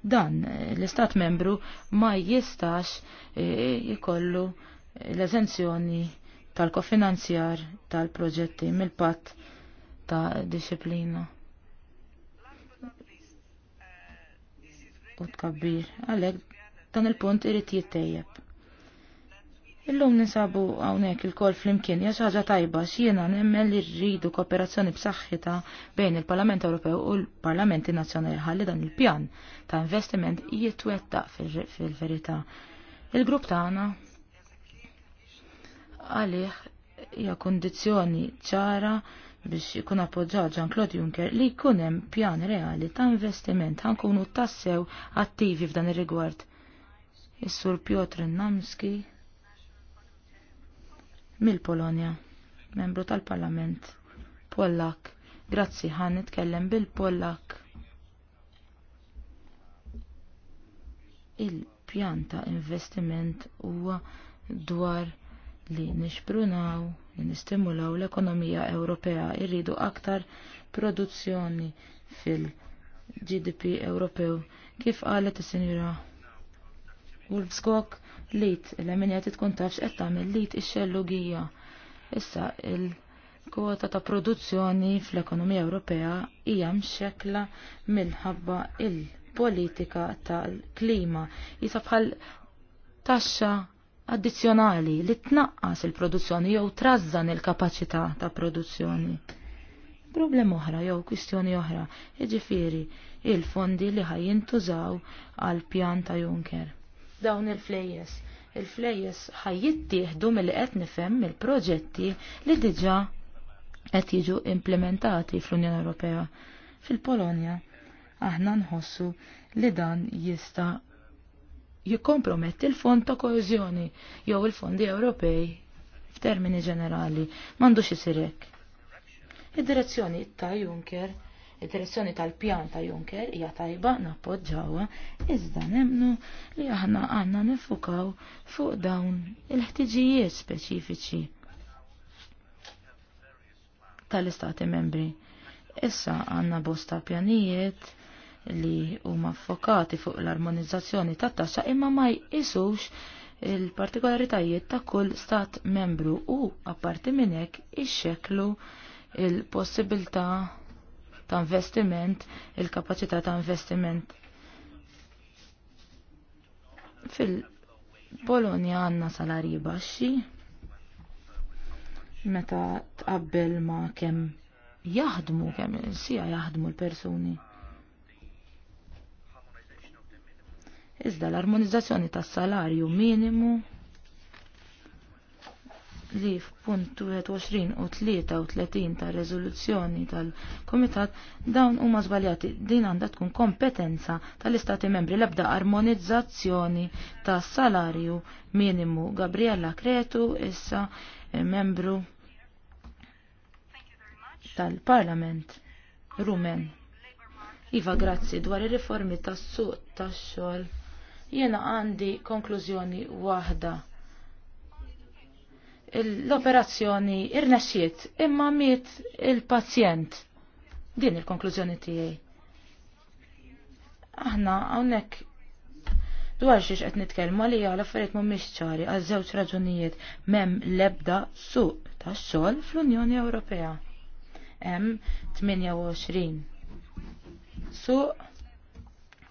B: dan l-istat membru ma jistax jikollu eh, l-eżenzjoni tal-kofinanzjar tal-proġetti mill pat ta' disciplina. U tkabbir, għalek dan il-punt irrit jittejjeb. Illum ninsabu għawnek il-kol fl-imkien jaxħaġa tajba xiena nemmen li rridu kooperazzjoni b'saħħita bejn il-Parlament Ewropew u l-Parlamenti Nazzjonali ħalli dan il-pjan ta' investiment jitwettaq fil-verità. Il-grupp tagħna għalih hija kondizjoni ċara biex ikun appoġġat ġan claude Juncker li jkun hemm pjan reali ta' investiment kunu tassew attivi f'dan ir-rigward. Is-Sur Piotr Namski mill-Polonja, membru tal-Parlament Pollak. Grazzi ħan nitkellem bil-Pollak. Il-pjan ta' investiment huwa dwar li nixprunaw, li nistimulaw l-ekonomija Ewropea irridu aktar produzzjoni fil-GDP Ewropew kif qalet is-Sinjura Wolfskog lit l-eminjati tkun tafx qed tagħmel lit ix-xellugija. Issa il-kwota ta' produzzjoni fl-ekonomija Ewropea hija mxekla minħabba il-politika tal-klima jisa bħal taxxa addizzjonali li tnaqqas il-produzzjoni jew trażżan il-kapaċità ta' produzzjoni. Problem oħra jew kwistjoni oħra, jiġifieri il-fondi li ħajjintużaw għal pjan ta' Juncker. Dawn il-flejjes, il-flejjes ħajjittieħdu mill qed nifhem mill-proġetti li diġà qed jiġu implementati fl-Unjoni Ewropea. Fil-Polonja aħna nħossu li dan jista' jikkomprometti l-fond ta' koezjoni jew il-fondi Ewropej f'termini ġenerali m'għandux isir hekk. Id-direzzjoni ta' Juncker, id-direzzjoni tal-pjan ta' Juncker hija tajba nappoġġawha iżda nemnu li aħna għandna nifukaw fuq dawn il-ħtiġijiet speċifiċi tal-istati membri. Issa għanna bosta pjanijiet li huma fokati fuq l-armonizzazzjoni tat taxxa imma ma jqisux il-partikolaritajiet ta' kull stat membru u apparti minn hekk ixxeklu il-possibilità ta' investiment, il-kapaċità ta' investiment. Fil-Polonja għandna salarji baxxi meta tqabbel ma' kemm jaħdmu kemm sija jaħdmu l-persuni. Iżda l-armonizzazzjoni tas-salarju minimu li f'punt 21 u 33 ta' rezoluzzjoni tal-Komitat dawn huma żbaljati din għandha tkun kompetenza tal-Istati membri l-ebda armonizzazzjoni ta' salarju minimu. Gabriella Kretu issa eh, membru tal-Parlament Rumen. Iva, grazzi dwar ir-riformi tas-suq tax-xogħol Jiena għandi konklużjoni waħda. L-operazzjoni irnexxiet imma miet il-pazjent. Din il-konklużjoni tiegħi. Aħna hawnhekk dwar xiex qed nitkellmu li l-affarijiet mhumiex ċari għal żewġ raġunijiet m'hemm l-ebda suq tax-xogħol fl-Unjoni Ewropea. Hemm 28 suq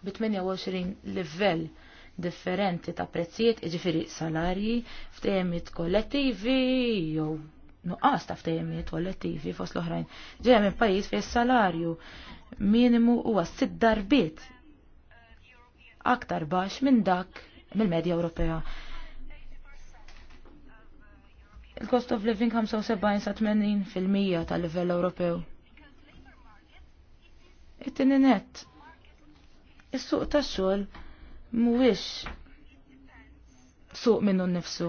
B: bi 28 livell differenti ta' prezzijiet, iġifiri salarji, ftejemiet kollettivi, jew nuqqas ta' ftejemiet kollettivi fost l-oħrajn. Ġeja minn pajis fej salarju minimu huwa sitt darbiet aktar baxx minn dak mill-medja Ewropea. Il-cost of living 75 sa 80 fil-mija tal-livell Ewropew. It-tini net. Is-suq tax-xogħol mhuwiex suq minnu nnifsu.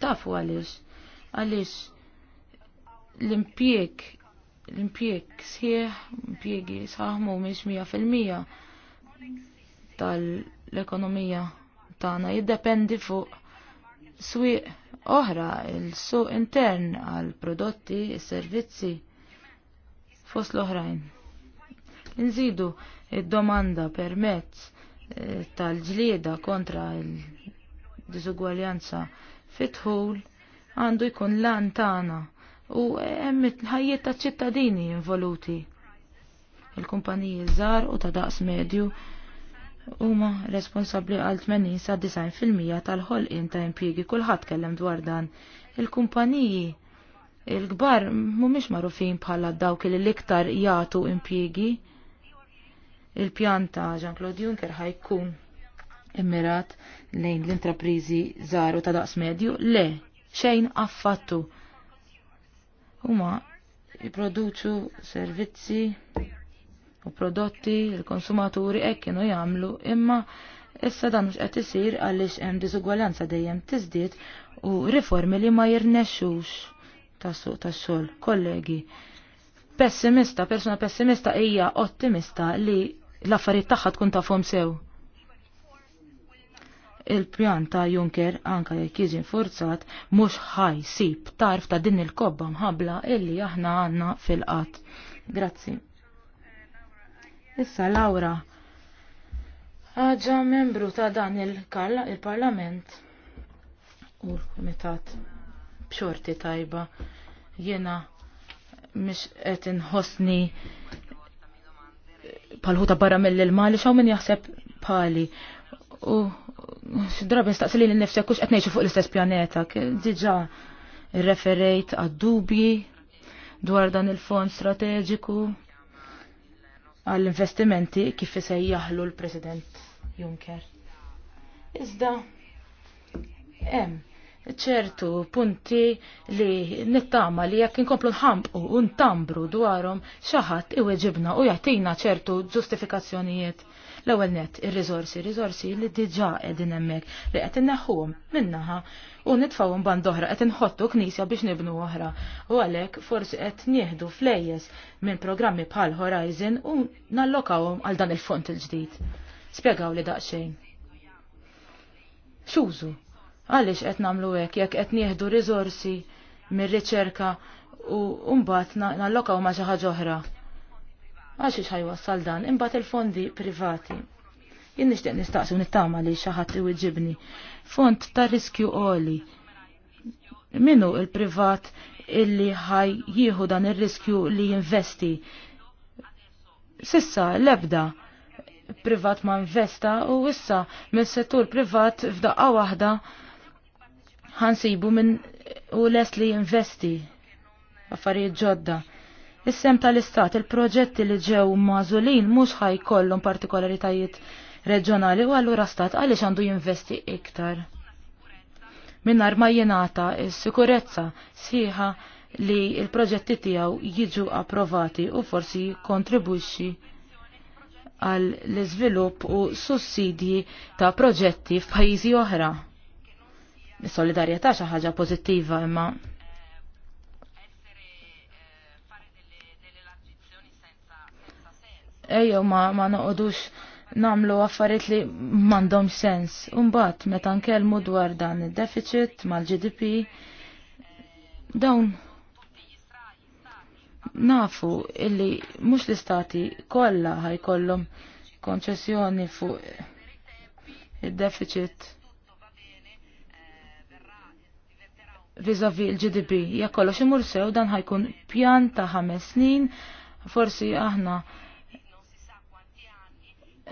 B: Tafu għaliex, għaliex l-impjeg l-impjeg sħiħ, impjegi sħaħ mhumiex mija fil-mija tal-ekonomija tagħna jiddependi fuq swiq oħra il-suq intern għal prodotti, servizzi fost l-oħrajn. Nżidu id-domanda permezz tal-ġlieda kontra l-diżugwaljanza fitħul għandu jkun lan tagħna u hemm ħajjiet ta' ċittadini involuti. Il-kumpaniji żgħar u ta' daqs medju huma responsabbli għal 80 sa 90% tal-ħolqien ta' impjiegi kulħadd kellem dwar dan. Il-kumpaniji il-kbar mhumiex magħrufin bħala dawk li l-iktar jagħtu impjiegi Il-pjanta Jean-Claude Juncker ħajkun immirat lejn l-intraprizi zaru ta' daqs medju, le, xejn affattu. Huma jiproduċu servizzi u prodotti il-konsumaturi hekk kienu jagħmlu imma issa dan mhux qed isir għaliex hemm diżugwaljanza dejjem tiżdied u riformi li ma jirnexxux tas-suq tax-xogħol. Kollegi, pessimista, persuna pessimista hija ottimista li l-affarijiet tagħha tkun tafhom sew. Il-pjan ta' Juncker anka jekk jiġi forzat mhux ħaj sib tarf ta' din il-kobba mħabla illi aħna għandna fil-qatt. Grazzi. Issa Laura ħaġa membru ta' dan il-parlament u l-komitat bxorti tajba Jiena mish qed inħossni palħuta barra mill il-mali, xaw min jaħseb pali. U xidrabi nistaqsili li nifsek kux għetnejxu fuq l-istess pjaneta. Diġa referejt għad-dubji dwar dan il-fond strateġiku għall-investimenti kif se jaħlu l-President Juncker. Iżda, hemm ċertu punti li nittama li jekk inkomplu nħampu u ntambru dwarhom xi ħadd iweġibna u jagħtina ċertu ġustifikazzjonijiet. L-ewwel net ir-riżorsi, riżorsi li diġà qegħdin hemmhekk li qed inneħħuhom minnaħa u nitfgħuhom band oħra qed inħottu knisja biex nibnu oħra. U għalhekk forsi qed nieħdu flejjes minn programmi bħal Horizon u nallokawhom għal dan il font il-ġdid. Spjegaw li daqsxejn. Xużu Għaliex qed nagħmlu hekk jekk qed nieħdu riżorsi mir-riċerka u mbagħad nallokaw ma xi ħaġa oħra. Għax ix ħajwassal dan, imbagħad il-fondi privati. Jien nixtieq nistaqsu nittama li xi ħadd iwiġibni. Fond ta' riskju qoli. Minu il-privat illi ħaj jieħu dan ir-riskju li jinvesti. Sissa l-ebda privat ma investa u issa mis-settur privat f'daqqa waħda ħansibu minn u les li jinvesti affarijiet ġodda. Is-sem tal-istat il-proġetti li ġew mażulin mhux ħajkollhom partikolaritajiet reġjonali u allura stat għaliex għandu jinvesti iktar. Minnar ma jenata is-sikurezza sħiħa li il-proġetti tiegħu jiġu approvati u forsi kontribwixxi għall iżvilupp u sussidji ta' proġetti f'pajjiżi oħra solidarjetà xi ħaġa pożittiva imma ejjew ma ma noqodux namlu affarijiet li m'għandhom sens. mbagħad meta nkellmu dwar dan id-deficit mal-GDP dawn nafu illi mhux l-istati kollha ħajkollhom konċessjoni fuq id-deficit vizavi l-GDP. Jekk kollox imur sew dan ħajkun pjan ta' ħames snin, forsi aħna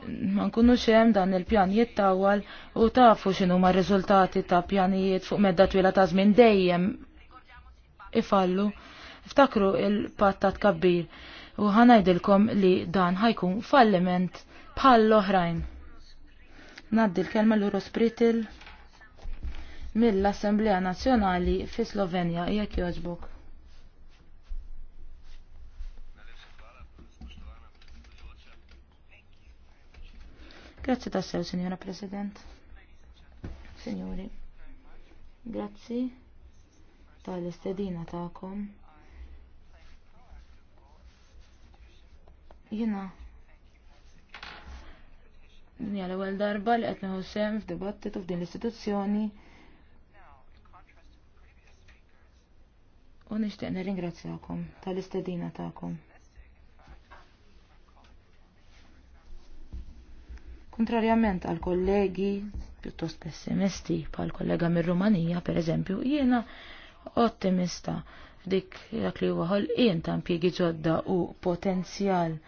B: ma nkunux hemm dan il-pjan jittawal u tafu xinu ma' riżultati ta' pjanijiet fuq medda twila ta' żmien dejjem ifallu. Ftakru il-patt ta' tkabbir u ħanajdilkom li dan ħajkun falliment bħal l-oħrajn. Naddi l-kelma l-Urospritil mill-Assemblea Nazzjonali fi Slovenja jekk jogħġbok. Grazzi tassew, Signora President. Signori, grazzi tal-istedina ta'kom. Jena, Dinja l-ewwel darba li qed nieħu sem f'dibattitu f'din l-istituzzjoni U nixtieq nirringrazzjakom tal-istedina tagħkom. Kontrarjament għal kollegi pjuttost pessimisti bħal kollega mir-Rumanija, per eżempju, jiena ottimista f'dik dak li huwa jien ta' impjiegi ġodda u potenzjal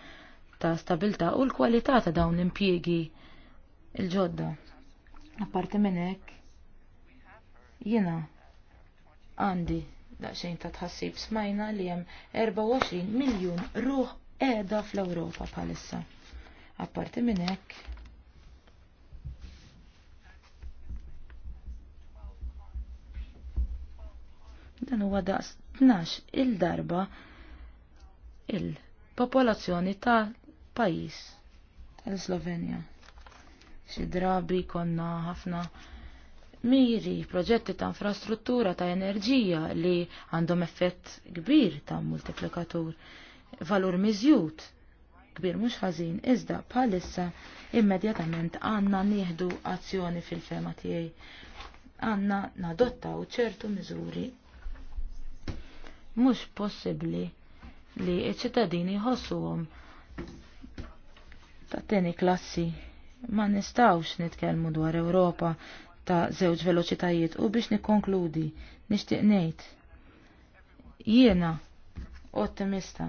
B: ta' stabilta u l-kwalità ta' dawn l-impjiegi il-ġodda. Apparti minn hekk, jiena għandi daqsxejn ta' tħassib smajna li hemm 24 miljun ruħ qiegħda fl-Ewropa bħalissa. Apparti minn hekk dan huwa daqs 12 il-darba il-popolazzjoni ta' pajjiż tal-Slovenja. Xi drabi konna ħafna miri, proġetti ta' infrastruttura, ta' enerġija li għandhom effett kbir ta' multiplikatur, valur miżjud kbir mhux ħażin, iżda bħalissa immedjatament għandna nieħdu azzjoni fil-fema tiegħi. Għandna nadottaw ċertu miżuri. Mhux possibbli li ċ-ċittadini jħossuhom ta' tieni klassi ma nistawx nitkellmu dwar Ewropa ta' żewġ veloċitajiet u biex nikkonkludi nixtieq ngħid. Jiena ottimista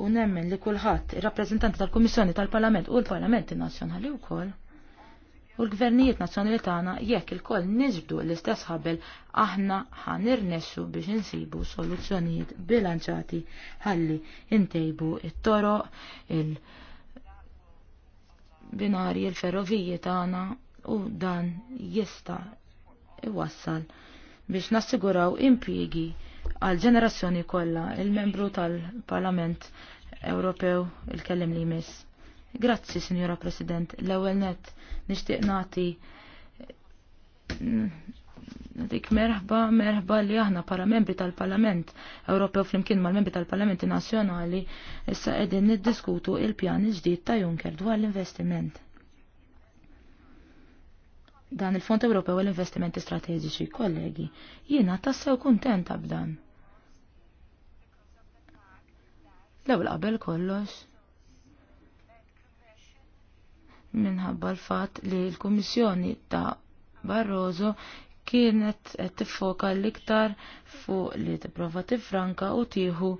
B: u nemmen li kulħadd ir-rappreżentanti tal-Kummissjoni tal-Parlament u l-Parlamenti Nazzjonali wkoll u l-gvernijiet nazzjonali tagħna jekk ilkoll nisbdu l-istess ħabel aħna ħanirnexxu biex insibu soluzzjonijiet bilanċati ħalli intejbu it-toroq il-binari il-ferroviji tagħna u dan jista' iwassal biex nassiguraw impiegi għal ġenerazzjoni kollha il-membru tal-Parlament Ewropew il-kellim li jmiss. Grazzi, Signora President. L-ewwel net nixtieq nagħti dik merħba merħba li aħna para membri tal-Parlament Ewropew flimkien mal-membri tal-Parlamenti Nazzjonali issa qegħdin niddiskutu il-pjan il-ġdid ta' Juncker dwar l-investiment dan il-Fond Ewropew l investimenti Strateġiċi, kollegi, jiena tassew kuntenta b'dan. L-ewwel qabel kollox minħabba l-fatt li l-Kummissjoni ta' Barroso kienet qed tiffoka l-iktar fuq li tipprova tifranka u tieħu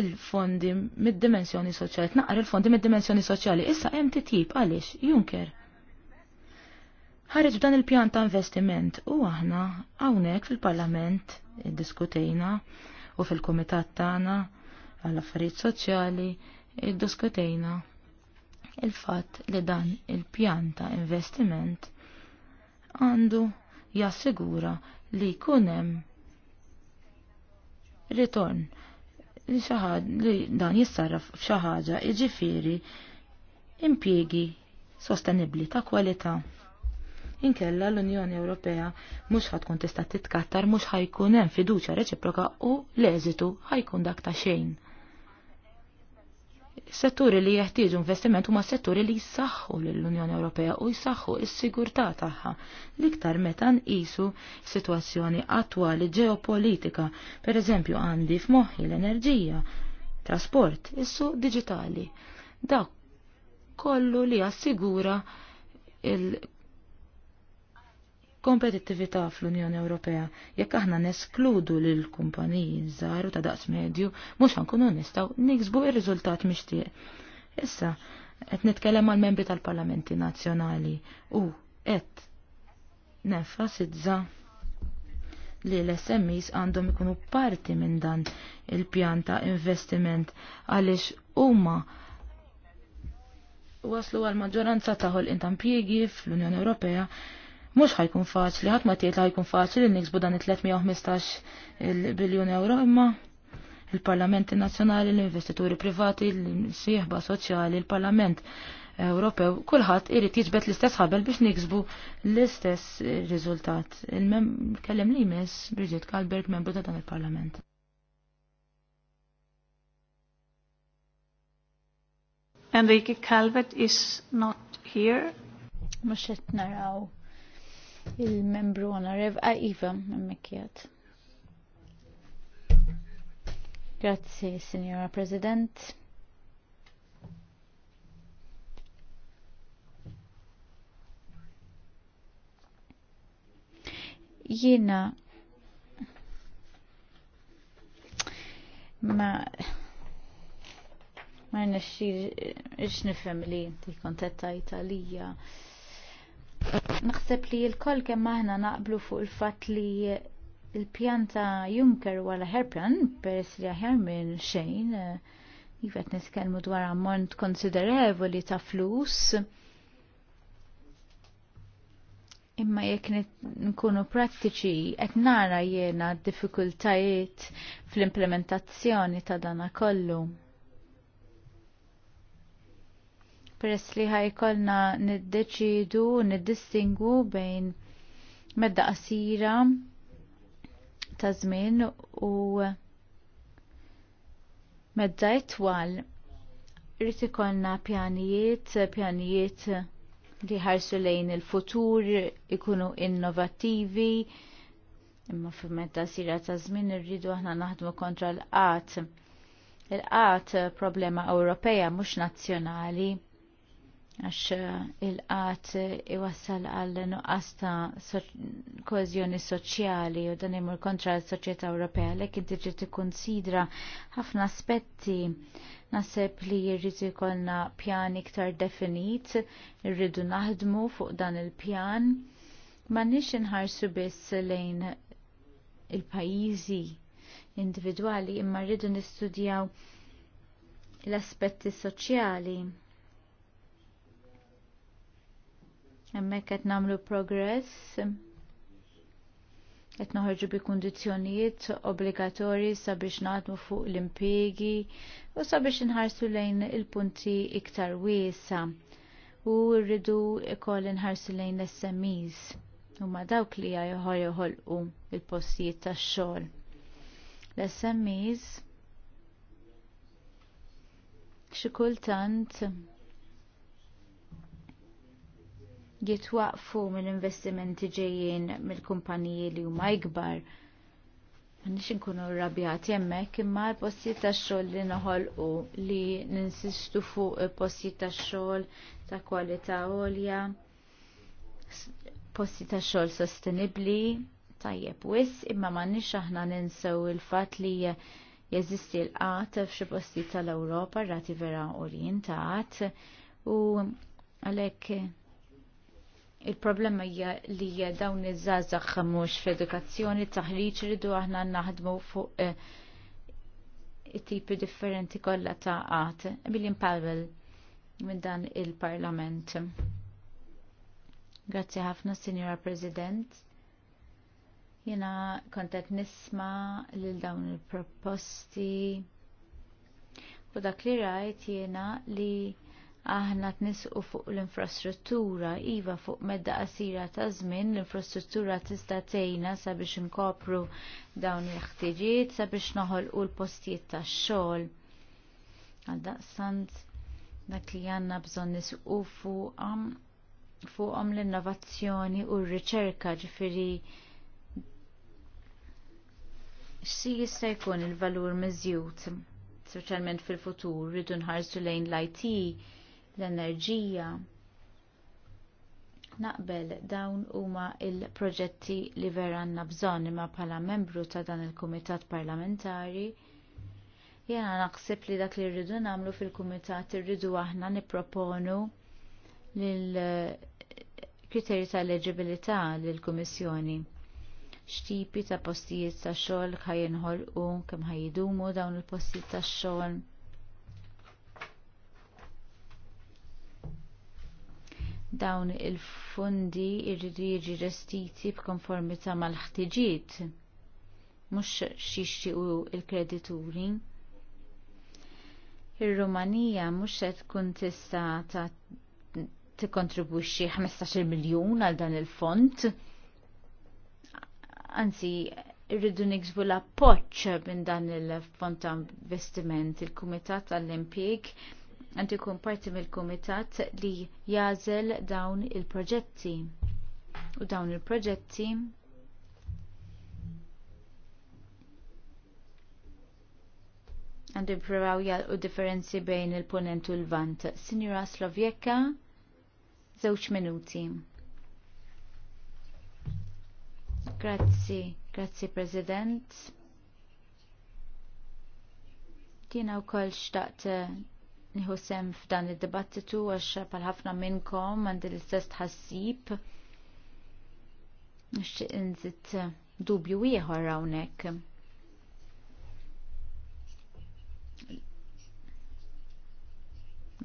B: il-fondi mid-dimensjoni soċjali, tnaqar il-fondi mid-dimensjoni soċjali. Issa hemm titjib għaliex, Junker ħareġ dan il-pjan ta' investiment u aħna hawnhekk fil-Parlament iddiskutejna u fil-Kumitat tagħna għall affarijiet soċjali iddiskutejna il-fatt li dan il-pjan ta' investiment għandu jassigura li jkun hemm ritorn li li dan jissarraf f'xi ħaġa jiġifieri impjiegi sostenibbli ta' kwalità inkella l-Unjoni Ewropea mhux tkun tista' titkattar mhux ħajkun hemm fiduċja reċiproka u l-eżitu ħajkun dak ta' xejn. Setturi li jeħtieġu investiment huma setturi li jsaħħu lill-Unjoni Ewropea u jsaħħu s-sigurtà tagħha l-iktar meta nqisu sitwazzjoni attwali ġeopolitika, pereżempju għandi f'moħħi l-enerġija, trasport, issu digitali. Dak kollu li assigura il kompetittività fl-Unjoni Ewropea. Jekk aħna neskludu lil kumpaniji żgħaru ta' daqs medju, mhux ankunu nistgħu niksbu ir-riżultat mixtieq. Issa qed nitkellem għal membri tal-Parlamenti Nazzjonali u qed nenfasizza li l-SMEs għandhom ikunu parti minn dan il-pjan ta' investiment għaliex huma waslu għal maġġoranza taħol intampjiegi fl-Unjoni Ewropea Mux ħajkun faċli, ħat ma tiet ħajkun faċli li niksbu dan 315 biljon euro imma il-Parlamenti Nazzjonali, l-investituri privati, l-sieħba soċjali, il-Parlament Ewropew, kulħadd irid jiġbed l-istess ħabel biex niksbu l-istess riżultat. Kellem li jmiss Bridget Kalberg, membru ta' dan il-Parlament. Enrique Calvet is not
C: here. Mux naraw il-membru onorev a ah, Iva mmekjat. Grazzi, Signora President. Jiena ma ma nixxi nifhem li inti kontetta italija. Naħseb li l-koll kemm aħna naqblu fuq il-fatt li il-pjanta Juncker wara Herplan peress li aħjar minn xejn, jivet eh, niskelmu dwar ammont konsiderevoli ta' flus. Imma jekk nkunu prattiċi, qed nara jiena d diffikultajiet fl-implementazzjoni ta' dana kollu. peress li ħajkolna niddeċidu, niddistingu bejn medda qasira ta' żmien u medda itwal. Rrid ikollna pjanijiet, pjanijiet li ħarsu lejn il-futur, ikunu innovattivi, imma fi medda sira ta' żmien irridu aħna naħdmu kontra l-qat. Il-qat problema Ewropea mhux nazzjonali għax eh, il-qat eh, iwassal għal nuqqas ta' koezjoni soċjali u dan imur kontra l-soċjetà Ewropea lek inti ġi tikkunsidra ħafna aspetti naħseb li jirrid ikollna pjan iktar definit, irridu naħdmu fuq dan il-pjan. Ma nix inħarsu biss lejn il-pajjiżi individwali imma rridu nistudjaw l-aspetti soċjali Hemmhekk qed nagħmlu progress qed noħorġu bi kundizzjonijiet obbligatorji sabiex naħdmu fuq l-impjegi u sabiex inħarsu lejn il-punti iktar wiesa u rridu ikoll inħarsu lejn l-SMEs huma dawk li jħor joħolqu il-postijiet tax-xogħol. L-SMEs xi kultant jitwaqfu mill-investimenti ġejjin mill-kumpaniji li huma ikbar. Nix nkunu rrabjati jemmek imma l-postijiet ta' xogħol li noħolqu li ninsistu fuq il-postijiet ta' xogħol ta' kwalità għolja, postijiet ta' xogħol sostenibbli, tajjeb wis, imma m'għandniex aħna ninsew il-fatt li jeżisti l-qat f'xi postijiet tal-Ewropa rati vera orientat u għalhekk Il-problema hija li dawn iż-żgħażagħ mhux f'edukazzjoni taħriġ iridu aħna naħdmu fuq eh, it-tipi differenti kollha ta' qatt. William Powell minn dan il-Parlament. Grazzi ħafna, Sinjora President. Jena kontet nisma lil dawn il-proposti. U dak li rajt jena li aħna t-nisqu fuq l-infrastruttura, iva fuq medda qasira ta' żmien l-infrastruttura tista' tgħinna sabiex inkopru dawn l ħtiġijiet sabiex noħolqu l-postijiet tax-xogħol. daqsant dak li għandna bżonn nisqu fuq fuqhom l-innovazzjoni u r-riċerka ġifieri x'si jista' jkun il-valur miżjud speċjalment fil-futur rridu nħarsu lejn l-IT l-enerġija. Naqbel dawn huma il-proġetti li vera għandna bżonn imma bħala membru ta' dan il-Kumitat Parlamentari jena naħseb li dak li rridu nagħmlu fil-kumitat irridu aħna nipproponu lil kriterji ta' eleġibilità lill kummissjoni X'tipi ta' postijiet ta' xogħol ħajinħolqu kemm ħajjidumu dawn il-postijiet ta' xogħol. dawn il-fondi jridu jiġi restiti b'konformità mal-ħtiġijiet mhux xixtiequ l kredituri Ir-Rumanija mhux se tkun tista' ta' tikkontribwixxi 15 miljun għal dan il-fond. Anzi, irridu niksbu l-appoġġ minn dan il-fond ta' investiment il-Kumitat tal-Impjeg għandu jkun parti mill-kumitat li jażel dawn il-proġetti. U dawn il-proġetti għandu jipprovaw u differenzi bejn il-ponent u l-vant. Signora Slovjekka, żewġ minuti. Grazzi, grazzi President. Tina u xtaqt niħu sem f'dan id-dibattitu għax pal ħafna minnkom għandi l-istess tħassib. Nixtieq inżitt dubju ieħor hawnhekk.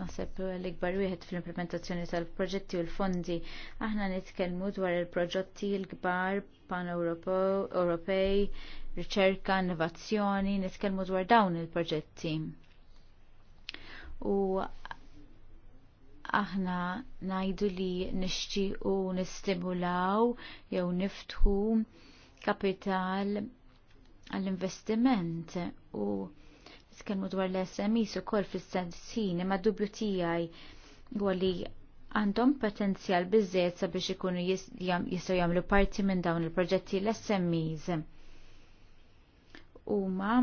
C: Naħseb l-ikbar wieħed fl-implementazzjoni tal-proġetti u l-fondi. Aħna nitkellmu dwar il-proġetti l-kbar pan-Ewropej, riċerka, innovazzjoni, nitkellmu dwar dawn il-proġetti u aħna najdu li nixtiequ nistimulaw jew niftħu kapital għall-investiment u nitkellmu dwar l-SMEs ukoll fis-sensin imma dubju tiegħi huwa li għandhom potenzjal biżżejjed sabiex ikunu jistgħu jagħmlu parti minn dawn il-proġetti l-SMEs. Uma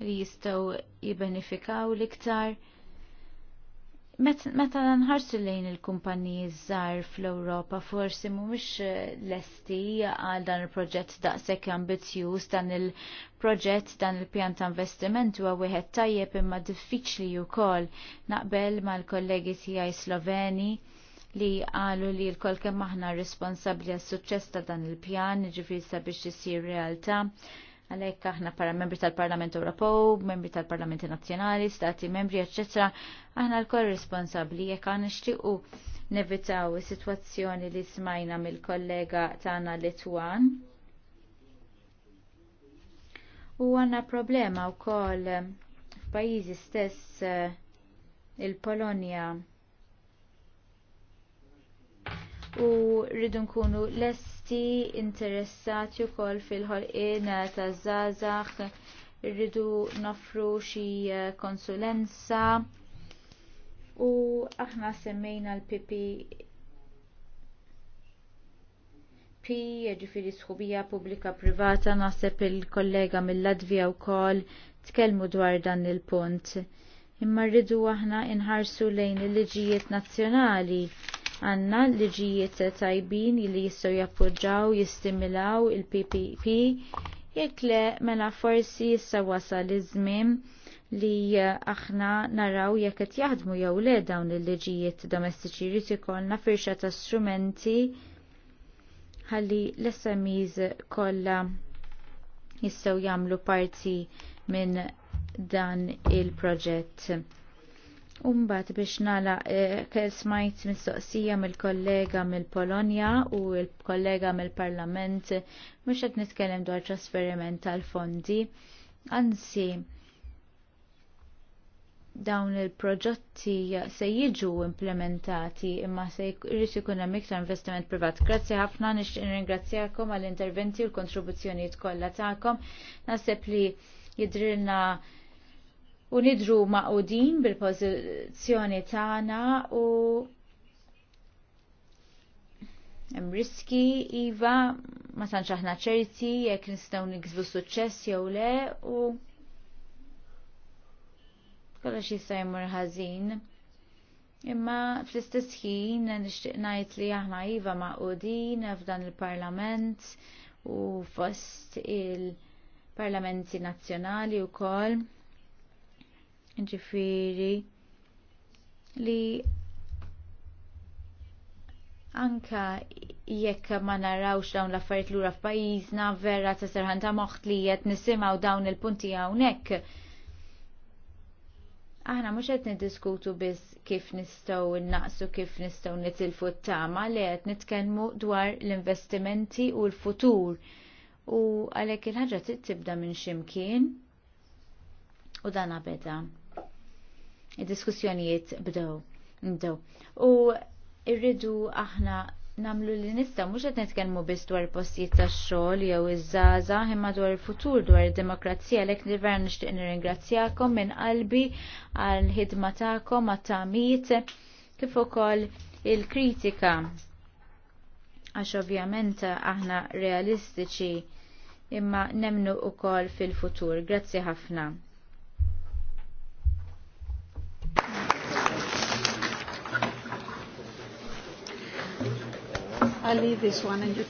C: li jistaw jibenifikaw liktar. Meta nħarsu lejn il-kumpaniji żgħar fl-Ewropa forsi mhumiex eh, lesti għal dan il-proġett daqshekk ambizzjuż dan il-proġett dan il-pjan ta' investiment huwa wieħed tajjeb imma diffiċli wkoll naqbel mal-kollegi tiegħi Sloveni li qalu li l-kol kemm aħna responsabbli għas-suċċess ta' dan il-pjan, ġifieri sabiex isir realtà. Għalhekk aħna para membri tal-Parlament Ewropew, membri tal-Parlamenti Nazzjonali, stati membri, eċċetera, aħna l-koll responsabbli jekk għan nixtiequ nevitaw is-sitwazzjoni li smajna mill-kollega tagħna Litwan. U għanna problema wkoll f'pajjiżi stess eh, il-Polonja u rridu nkunu lesti interessati wkoll fil-ħolqien ta' żgħażagħ, rridu nofru xi eh, konsulenza u aħna semmejna l-pipi P, ġifiri sħubija pubblika privata, naħseb il-kollega mill ladvija u kol tkellmu dwar dan il-punt. Imma rridu aħna inħarsu lejn il-liġijiet nazzjonali għanna liġijiet tajbin li jistgħu jappoġġaw, jistimilaw il-PPP, jekk le mela forsi issa wasal iż-żmien li aħna naraw jekk qed jaħdmu jew le dawn il-liġijiet domestiċi jrid ikollna firxa ta' strumenti ħalli l-SMEs kollha jistgħu jagħmlu parti minn dan il-proġett. Umbat biex nala eh, kell smajt mistoqsija mill-kollega mill-Polonja u l-kollega mill-Parlament mhux qed nitkellem dwar trasferiment tal-fondi. Anzi, dawn il-proġetti se jiġu implementati imma se jrid ikun hemm iktar investiment privat. Grazzi ħafna nix ringrazzjakom għall-interventi u l-kontribuzzjonijiet kollha tagħkom. Naħseb li jidrilna u nidru maqudin bil-pożizzjoni tagħna u hemm riski iva ma tantx aħna ċerti jekk nistgħu nikzbu suċċess jew le u kollox jista' jmur ħażin. Imma fl-istess ħin nixtieq ngħid li aħna iva maqudin f'dan il-Parlament u fost il-Parlamenti Nazzjonali wkoll ġifiri li anka jekk ma narawx dawn l-affarijiet lura f'pajjiżna vera ta' ta' moħħ li qed nisimgħu dawn il-punti hawnhekk. Aħna mhux qed niddiskutu biss kif nistgħu innaqsu kif nistgħu nitilfu t-tama li qed nitkellmu dwar l-investimenti u l-futur. U għalhekk il-ħaġa tibda minn ximkien u dan beda. Id-diskussjonijiet bdew. bdew. U irridu aħna namlu li nista mhux qed nitkellmu biss dwar postijiet tax-xogħol jew iż-żaża imma dwar il-futur dwar id-demokrazija lek nirver nixtieq nirringrazzjakom minn qalbi għall ħidma tagħkom għat-tagħmijiet kif ukoll il-kritika għax ovvjament aħna realistiċi imma nemnu ukoll fil-futur. Grazzi ħafna.
A: I'll leave this one and you